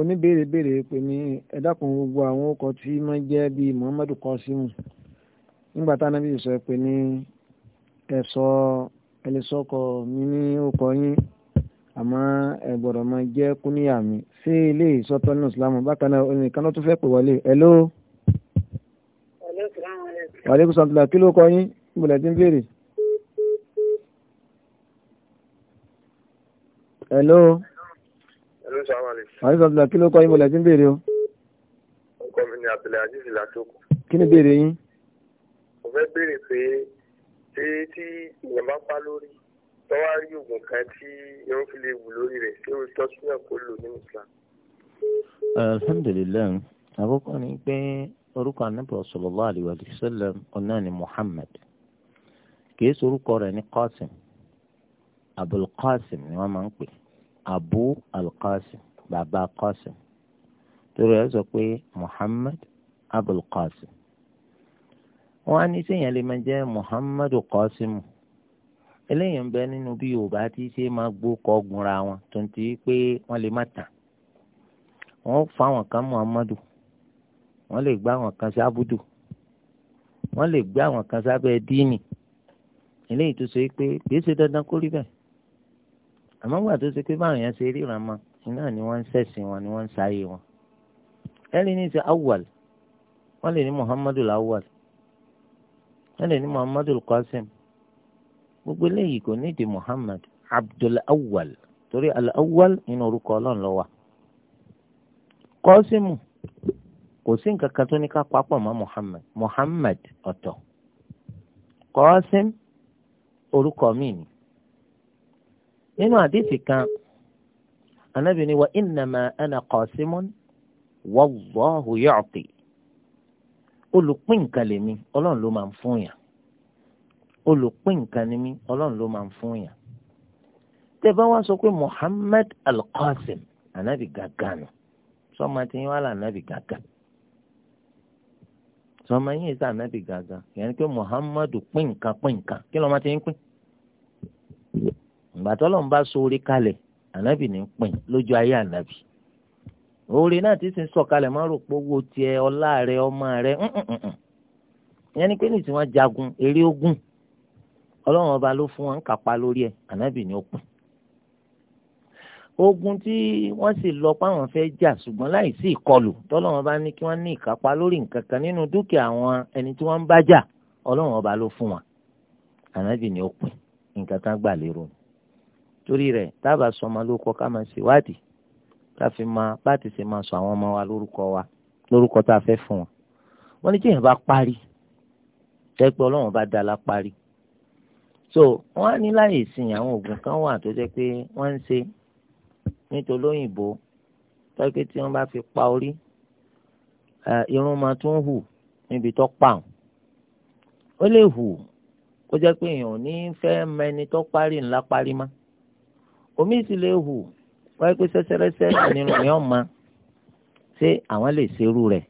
oníbèrè bèrè pé ní ẹ dákun gbogbo àwọn ọkọ̀ tí máa jẹ́ bíi muhammadu kọ́símù nígbà tá anábì sọ pé ní ẹ sọ mi ní ọkọ yín àmọ́ ẹ gbọ́dọ̀ máa jẹ́ kúníyà mi ṣé ilé ìsọtọ́ nínú ìsìlámù bákan náà ẹnì kan náà tún fẹ́ pè wọlé hello. wàlẹ́kùn sọ̀tìlà kí ló kọ yín ìbùdó ti ń béèrè. hello. hello sàmàlì. wàlẹ́kùn sọ̀tìlà kí ló kọ yín ìbùdó ti ń béèrè o. ọkọ mi ni àbẹ̀lẹ̀ àjíṣe làtòkù. kí ni yín. mo tó wá rí oògùn kan tí irun fi lè wù lórí rẹ̀ tí ó tọ́ sí ẹ̀kọ́ lò nínú Islam. alhamdulilayi àkọ́kọ́ ni pé orúkọ anábì sallallahu alaihi wa sallam ọ̀nà ni Muhammad kìí sorúkọ rẹ̀ ní Qasim Abul ni wọ́n máa ń pè Abu al-Qasim Qasim torí ẹ sọ pé Muhammad Abul Qasim á ní sẹ́yìn lè máa jẹ́ Muhammadu Qasim. eléyìí ń bẹ nínú bí yorùbá ti ṣe máa gbó kọ gunra wọn tó ń ti pé wọ́n lè má tàn fa àwọn kan muhammadu lè gbá àwọn kan lè gbé àwọn kan díìnì eléyìí tó ṣe dandan kó rí àmọ́ tó ṣe pé báwọn yẹn ni wọ́n ń ṣẹ̀sìn wọn ni wọ́n ń ṣayé wọn ẹni ní ti gbogbo eléyìí kò ní di Muhammad Abdul Awwal torí Al Awwal nínú orúkọ Ọlọ́run ló wà Kọ́símù kò sí nǹkan kan tó ní ká papọ̀ mọ́ Muhammad Muhammad ọ̀tọ̀ Kọ́sím orúkọ mi ni nínú àdìsí kan anabi ni wa innama ana Kọ́símù wallahu yu'ti olùpín nǹkan lèmi Ọlọ́run ló máa ń fún yàn olùpín nǹkan ni mí ọlọ́run ló máa ń fún yàn tẹ bá wá sọ pé Muhammad Al-Qasim anabi gàgà nù sọma tí yín wà là anabi gàgà sọma yín sà anabi gàgà yẹn pé Muhammad pín nǹkan pín nǹkan kí lọ́ọ́ máa ti ń pín ìgbà tọ́lọ́ ń bá so orí kalẹ̀ anabi ní pín lójú ayé anabi oore náà ti sin sọ̀kalẹ̀ máa rò pé owó tiẹ̀ ọlá rẹ̀ ọmọ rẹ̀ yẹn ni pé nìtí wọ́n jagun eré ogun ọlọ́run ọba ló fún wọn kápá lórí ẹ̀ ànábì ni ó pin ogun tí wọ́n sì lọ páwọn fẹ́ jà ṣùgbọ́n láì sí ìkọlù tọ́lọ́run ọba ní kí wọ́n ní ìkápá lórí nǹkan kan nínú dúkìá àwọn ẹni tí wọ́n ń bá jà ọlọ́run ọba ló fún wọn ànábì ni ó pin nǹkan kan gbà lérò torí rẹ̀ tábà sọmọ ló kọ ká máa ṣèwádìí ká fi máa bá ti ṣe máa sọ àwọn ọmọ wa lórúkọ wa lórúkọ tá a fẹ́ fún wọn wọ́n ní so wọ́n á ní láyè sìn àwọn oògùn kan wà tó jẹ́ pé wọ́n ń ṣe nítorí òyìnbó tọ́kì tí wọ́n bá fi pa orí irun máa tún hù níbi tó pa ọ́n ó lè hù kó jẹ́ pé èèyàn ò ní fẹ́ mẹni tó parí ńlá parí mọ́ omi sì lè hù wáyé pé sẹ́sẹ́rẹ́sẹ́ nínú ni wọ́n máa ṣé àwọn lè ṣerú rẹ̀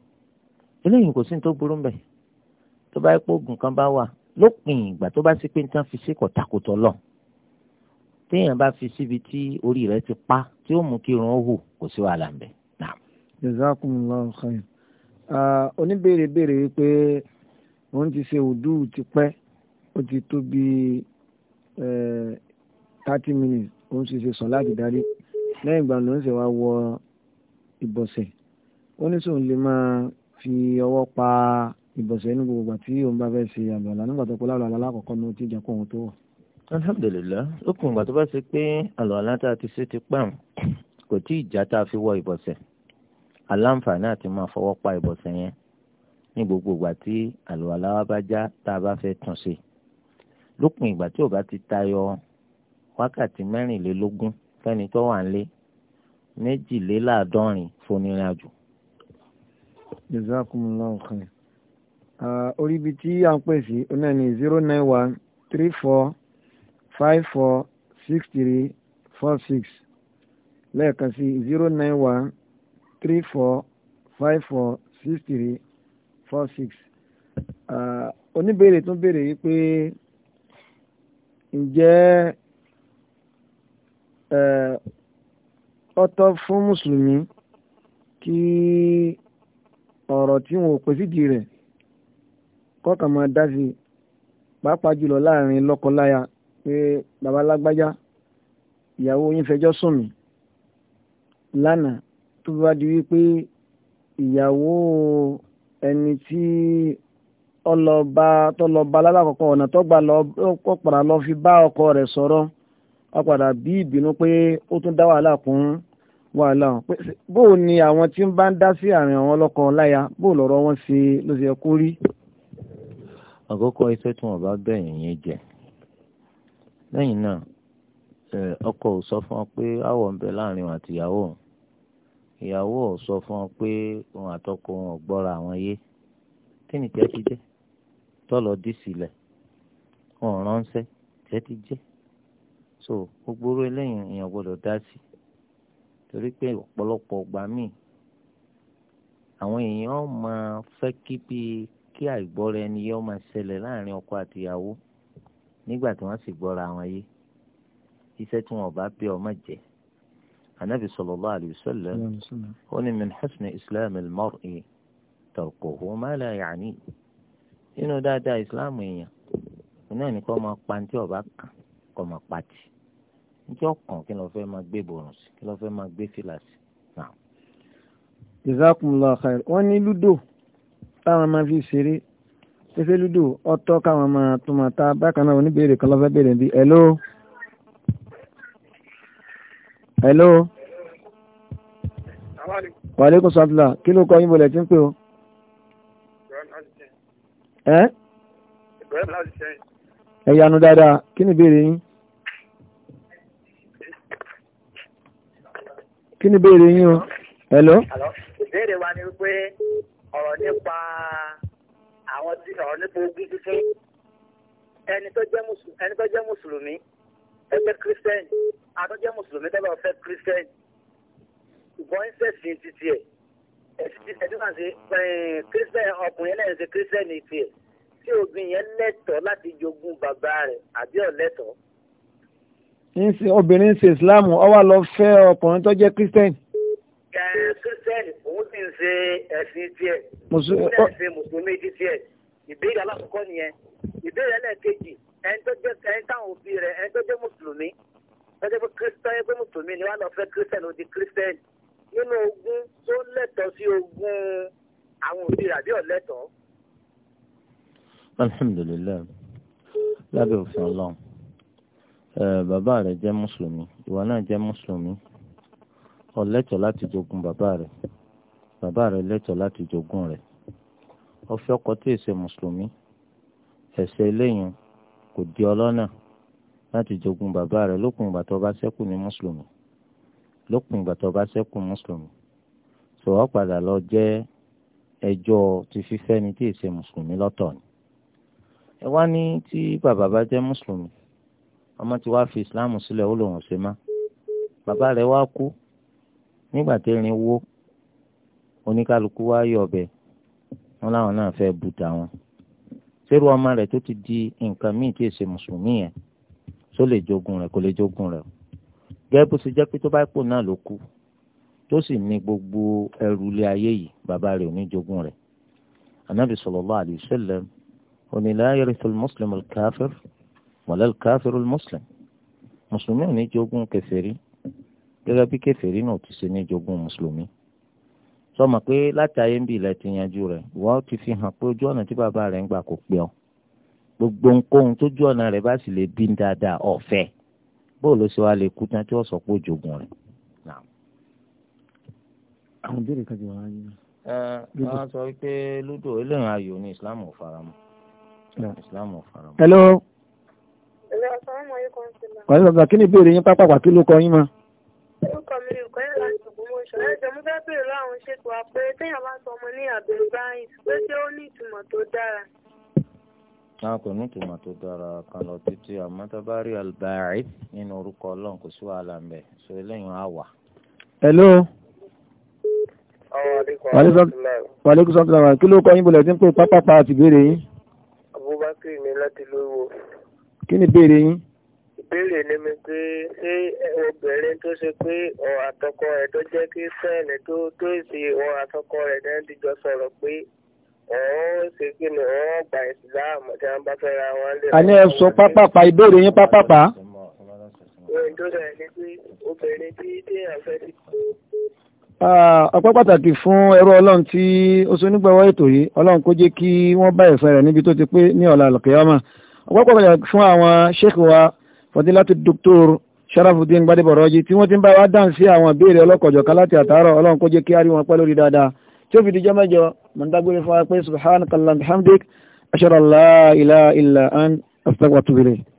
eléyìí kò sí ní tó burú mbẹ̀ tó bá yẹ kó oògùn kan bá wà lópin ìgbà tó bá sí pé nǹkan fi sí kọ̀tàkùtọ̀ lọ téèyàn bá fi síbi tí orí rẹ̀ ti pa tí ó mú kí irun ó hù kò sí wàhálà ń bẹ. jazakumullahu khair oníbèrè béèrè wípé òun ti ṣe òdù tipẹ́ ó ti tó bí thirty minutes òun sì ṣe sàn láti darí lẹ́yìn ìgbà ló ń ṣe wá wọ ìbọ̀sẹ̀ ó ní sóun lè máa fi ọwọ́ pa á ìbọ̀sẹ̀ ní gbogbo àti òun bá fẹ́ ṣe àlùwàlá nígbà tó kọlá àlùwàlá lákọ̀ọ́kọ́ ní ojú ìjà kó òun tó wọ̀. alhamdulillah ó kùn ìgbà tó bá ṣe pé àlùwàlá tá a ti ṣe ti pàm kò tí ìjà tá a fi wọ ìbọ̀sẹ̀ aláǹfààní àti máa fọwọ́ pa ìbọ̀sẹ̀ yẹn ní gbogbo ìgbà tí àlùwàlá wa bá já tá a bá fẹ́ tún ṣe lópin ìgbà tí ò bá ti tayọ wákàtí mẹ́rìnlélógún fẹ́ni tó wà nílé méjìléláàádọ́rin fún onírìnàjò. jazakumullahu khair. Uh, oribi ibi tí à ń pè sí onáà ní zero nine one three four five four six three four six lẹ́ẹ̀kan sí zero nine one three four five four six three uh, kọ́kà máa dá sí i pàápàá jùlọ láàrin lọ́kọláya pé bàbá lágbájá ìyàwó yín fẹjọ́ sùn mí lánàá tó bá di wípé ìyàwó ẹni tí ọlọ́ba tọlọ́ba lálàkọ́kọ́ ọ̀nà tó gbà lọ ó padà lọ fi bá ọkọ rẹ̀ sọ̀rọ̀ ó padà bí ìbínú pé ó tún dá wàhálà kún wàhálà hàn pé bóò ni àwọn tí ń bá ń dá sí àárín àwọn ọlọ́kọ láya bóò lọ́rọ̀ wọn ṣe ló ṣe kó rí àkọ́kọ́ iṣẹ́ tí wọ́n bá bẹ̀yìn yẹn jẹ lẹ́yìn náà ọkọ ò sọ fún ọ pé àwọ̀ ń bẹ láàrin òun àti ìyàwó òun ìyàwó ò sọ fún ọ pé òun àtọkọ òun ò gbọ́ra àwọn yé kí ni tẹ́ ti jẹ́ tọ́lọ̀ dì sílẹ̀ wọn ò ránṣẹ́ tẹ́ ti jẹ́ so gbogbo oró eléyìí èèyàn gbọ́dọ̀ dá sí torí pé ọ̀pọ̀lọpọ̀ ọgbà míì àwọn èèyàn máa fẹ́ kí bíi kí àìgbọ́ra ẹni yọ máa ṣẹlẹ̀ láàrin ọkọ àtìyàwó nígbà tí wọ́n sì gbọ́ra àwọn yé iṣẹ́ tí wọ́n bá pé ọmọ jẹ́ anabi sallallahu alayhi wa sallam ó ní min husni islam al-mar'i tarkuhu ma la ya'ni nínú dáadáa islam èèyàn iná ní kó máa pa tí ọba kàn kó máa pa tì ní ọkàn kí ló fẹ́ máa gbé bòrùn sí kí ló fẹ́ máa gbé fìlà sí. jazakumullahu khair wọ́n ní lúdò táwọn máa fi ṣeré pèsè lúdò ọ̀tọ̀ káwọn máa tún máa ta bákan náà oníbèrè kan lọ́fẹ́ bèrè bí hello hello wàlékún sọ́tìlà kí ló kọ yín bọ̀lẹ̀ tí ń pè ó. ẹ́ ẹ̀yánu dáadáa kí ni ìbéèrè yín. kí ni ìbéèrè yín o. hello. ìbéèrè wa ni wípé. ọ̀rọ̀ nípa àwọn tí ọ̀rọ̀ nípa ogún fífún ẹni tó jẹ́ mùsùlùmí ẹgbẹ́ christian àtọ́jẹ́ mùsùlùmí tẹ́lẹ̀ ọ̀fẹ́ christian ṣùgbọ́n ń ṣẹ̀sìn títí ẹ̀ ẹ̀sìn náà ṣe christian ọkùnrin náà ṣe christian ti ẹ̀ tí obìnrin yẹn lẹ́tọ̀ọ́ láti jogún bàbá rẹ̀ àbí ọ̀lẹ́tọ̀ọ́. obìnrin ń ṣe islam ó wá lọ fẹ́ ọkùnrin tó jẹ́ christian kírísítẹ́nì òun sì ń ṣe ẹ̀sìn tiẹ̀ òun náà ṣe mùsùlùmí ti tiẹ̀ ìbéèrè alákọ̀ọ́kọ́ nìyẹn ìbéèrè ẹlẹ́ẹ̀kejì ẹni tó jẹ́ ẹni táwọn òbí rẹ̀ ẹni tó jẹ́ mùsùlùmí ẹni tó jẹ́ kírísítẹ́nì pé mùsùlùmí ni wọ́n lọ fẹ́ kírísítẹ́nì ó di kírísítẹ́nì nínú ogún tó lẹ́tọ̀ọ́ sí ogún àwọn òbí rẹ̀ àbí ọ̀lẹ́tọ̀ọ́. alhamdulilayi lábẹ́ òfin ọlọ́run bàbá rẹ̀ jẹ́ mùsùlùmí ìwọ náà jẹ́ mùsùlùmí ọ lẹ́tọ̀ọ́ láti jogun bàbá rẹ̀ bàbá rẹ̀ lẹ́tọ̀ọ́ láti jogun rẹ̀ ọfẹ́ ọkọ tí èsè mùsùlùmí ẹ̀sẹ̀ eléyìn kò di ọlọ́nà láti jogun bàbá rẹ̀ lópin ìgbà tó bá ṣẹ́kù ní mùsùlùmí lópin ìgbà tó bá ṣẹ́kù mùsùlùmí sọ̀rọ̀ padà lọ jẹ́ ẹjọ́ ti fífẹ́ni tí èsè mùsùlùmí lọ́tọ̀ ni ẹ wá ní tí bàbá bá jẹ́ mùsùlùmí ọmọ tí wàá fi islam sílẹ̀ ó lòun ṣe má bàbá rẹ̀ wá kú nígbà tí erin wó oníkálukú wá yọ ọbẹ̀ wọn láwọn náà fẹ́ bu tàwọn sẹ́rù ọmọ rẹ̀ tó ti di nǹkan míì tí èsè mùsùlùmí yẹn tó lè jogun rẹ̀ kò lè jogun rẹ̀ gẹ́gẹ́ bó ṣe jẹ́ pé tó bá pò náà ló kú tó sì ní gbogbo ẹrù ilé ayé yìí bàbá rẹ̀ ò ní jogun rẹ̀ anabi sallallahu alayhi wa sallam oni la yarithul muslimul kafir mùsùlùmí ò ní jogun kèfèrí gẹ́gẹ́ bí kèfèrí náà ti ṣe ní jogún mùsùlùmí sọmọ pé látàyé ń bì ilẹ̀ ti yanjú rẹ̀ wọ́n ti fi hàn pé ojú ọ̀nà tí bàbá rẹ̀ ń gbà kò pé ọ gbogbo nǹkan tójú ọ̀nà rẹ̀ bá sì lè bí ń dáadáa ọ̀fẹ́ bó ló ṣe wá lè kú tán tí wọ́n sọ pé ó jogún rẹ̀. àwọn ìbéèrè kan ti wà wáyé. ẹ ẹ wọn sọ pé lúdò eléyàn ayò ní islam ò faramọ́. islam ò faramọ́. hello. hello asalaamualeykum. wàhálà kí ni ìbéèrè yín pápá wà kí ló kọ yín mọ́ ẹ̀jẹ̀ fẹ́ bèèrè láwọn ṣètò wa téèyàn bá sọ ọmọ ní àbẹ̀lúbáyìn pé ṣé ó ní ìtumọ̀ tó dára. a kò ní ìtumọ̀ tó dára kan lọ títí àmọ́ tó bá rí albaid nínú orúkọ ọlọ́run kò sí wàhálà ń bẹ̀ ṣe eléyìí á wà. hello. wàlẹ́kùn sọ́ńtà wà kí ló kọ́ yín bọ̀lẹ̀ tí ń pè pápápá àti ìbéèrè yín. Abubakar mi láti lóyún. kí ni ìbéèrè yín ìbéèrè ni mi pé ṣé obìnrin tó ṣe pé ọ àtọkọ rẹ tó jẹ́ kí fẹẹni tó tó èsì ọ àtọkọ rẹ náà dìjọ sọ̀rọ̀ pé ọ̀hún ṣe kí ni ọ̀hún gba ìsìláàmù tí wọ́n bá fẹ́ ra wọn lé. àní ẹ sọ pápápá ìbéèrè yín pápápá. ohun tó rẹ̀ ni pé obìnrin tí téèyàn fẹ́ ti kú ọpẹ́ pàtàkì fún ẹrú ọlọ́run tí ó so nígbàwọ́ ètò yìí ọlọ́run kó jẹ́ kí wọ́n bá ẹ̀san rẹ̀ níbi tó ti pé ní ọ̀la àlùkìyámà ọpẹ́ pàtàkì fún àwọn sheikh wa fọdílátù dókítọ̀rù sharafudin gbadebọ̀rọ̀jì tí wọ́n ti ń bá wa dáhùn sí àwọn ìbéèrè ọlọ́kọ̀jọ̀kan láti àtàárọ̀ ọlọ́run kó jẹ́ kí á rí wọn pẹ́ lórí dáadáa tí ó fi dijọ́ mẹ́jọ mọ̀ndágbére fún wa pé subhanakallahumma bihamdik ashhadu an la ilaha illa ant astaghfiruka wa atubu ilayk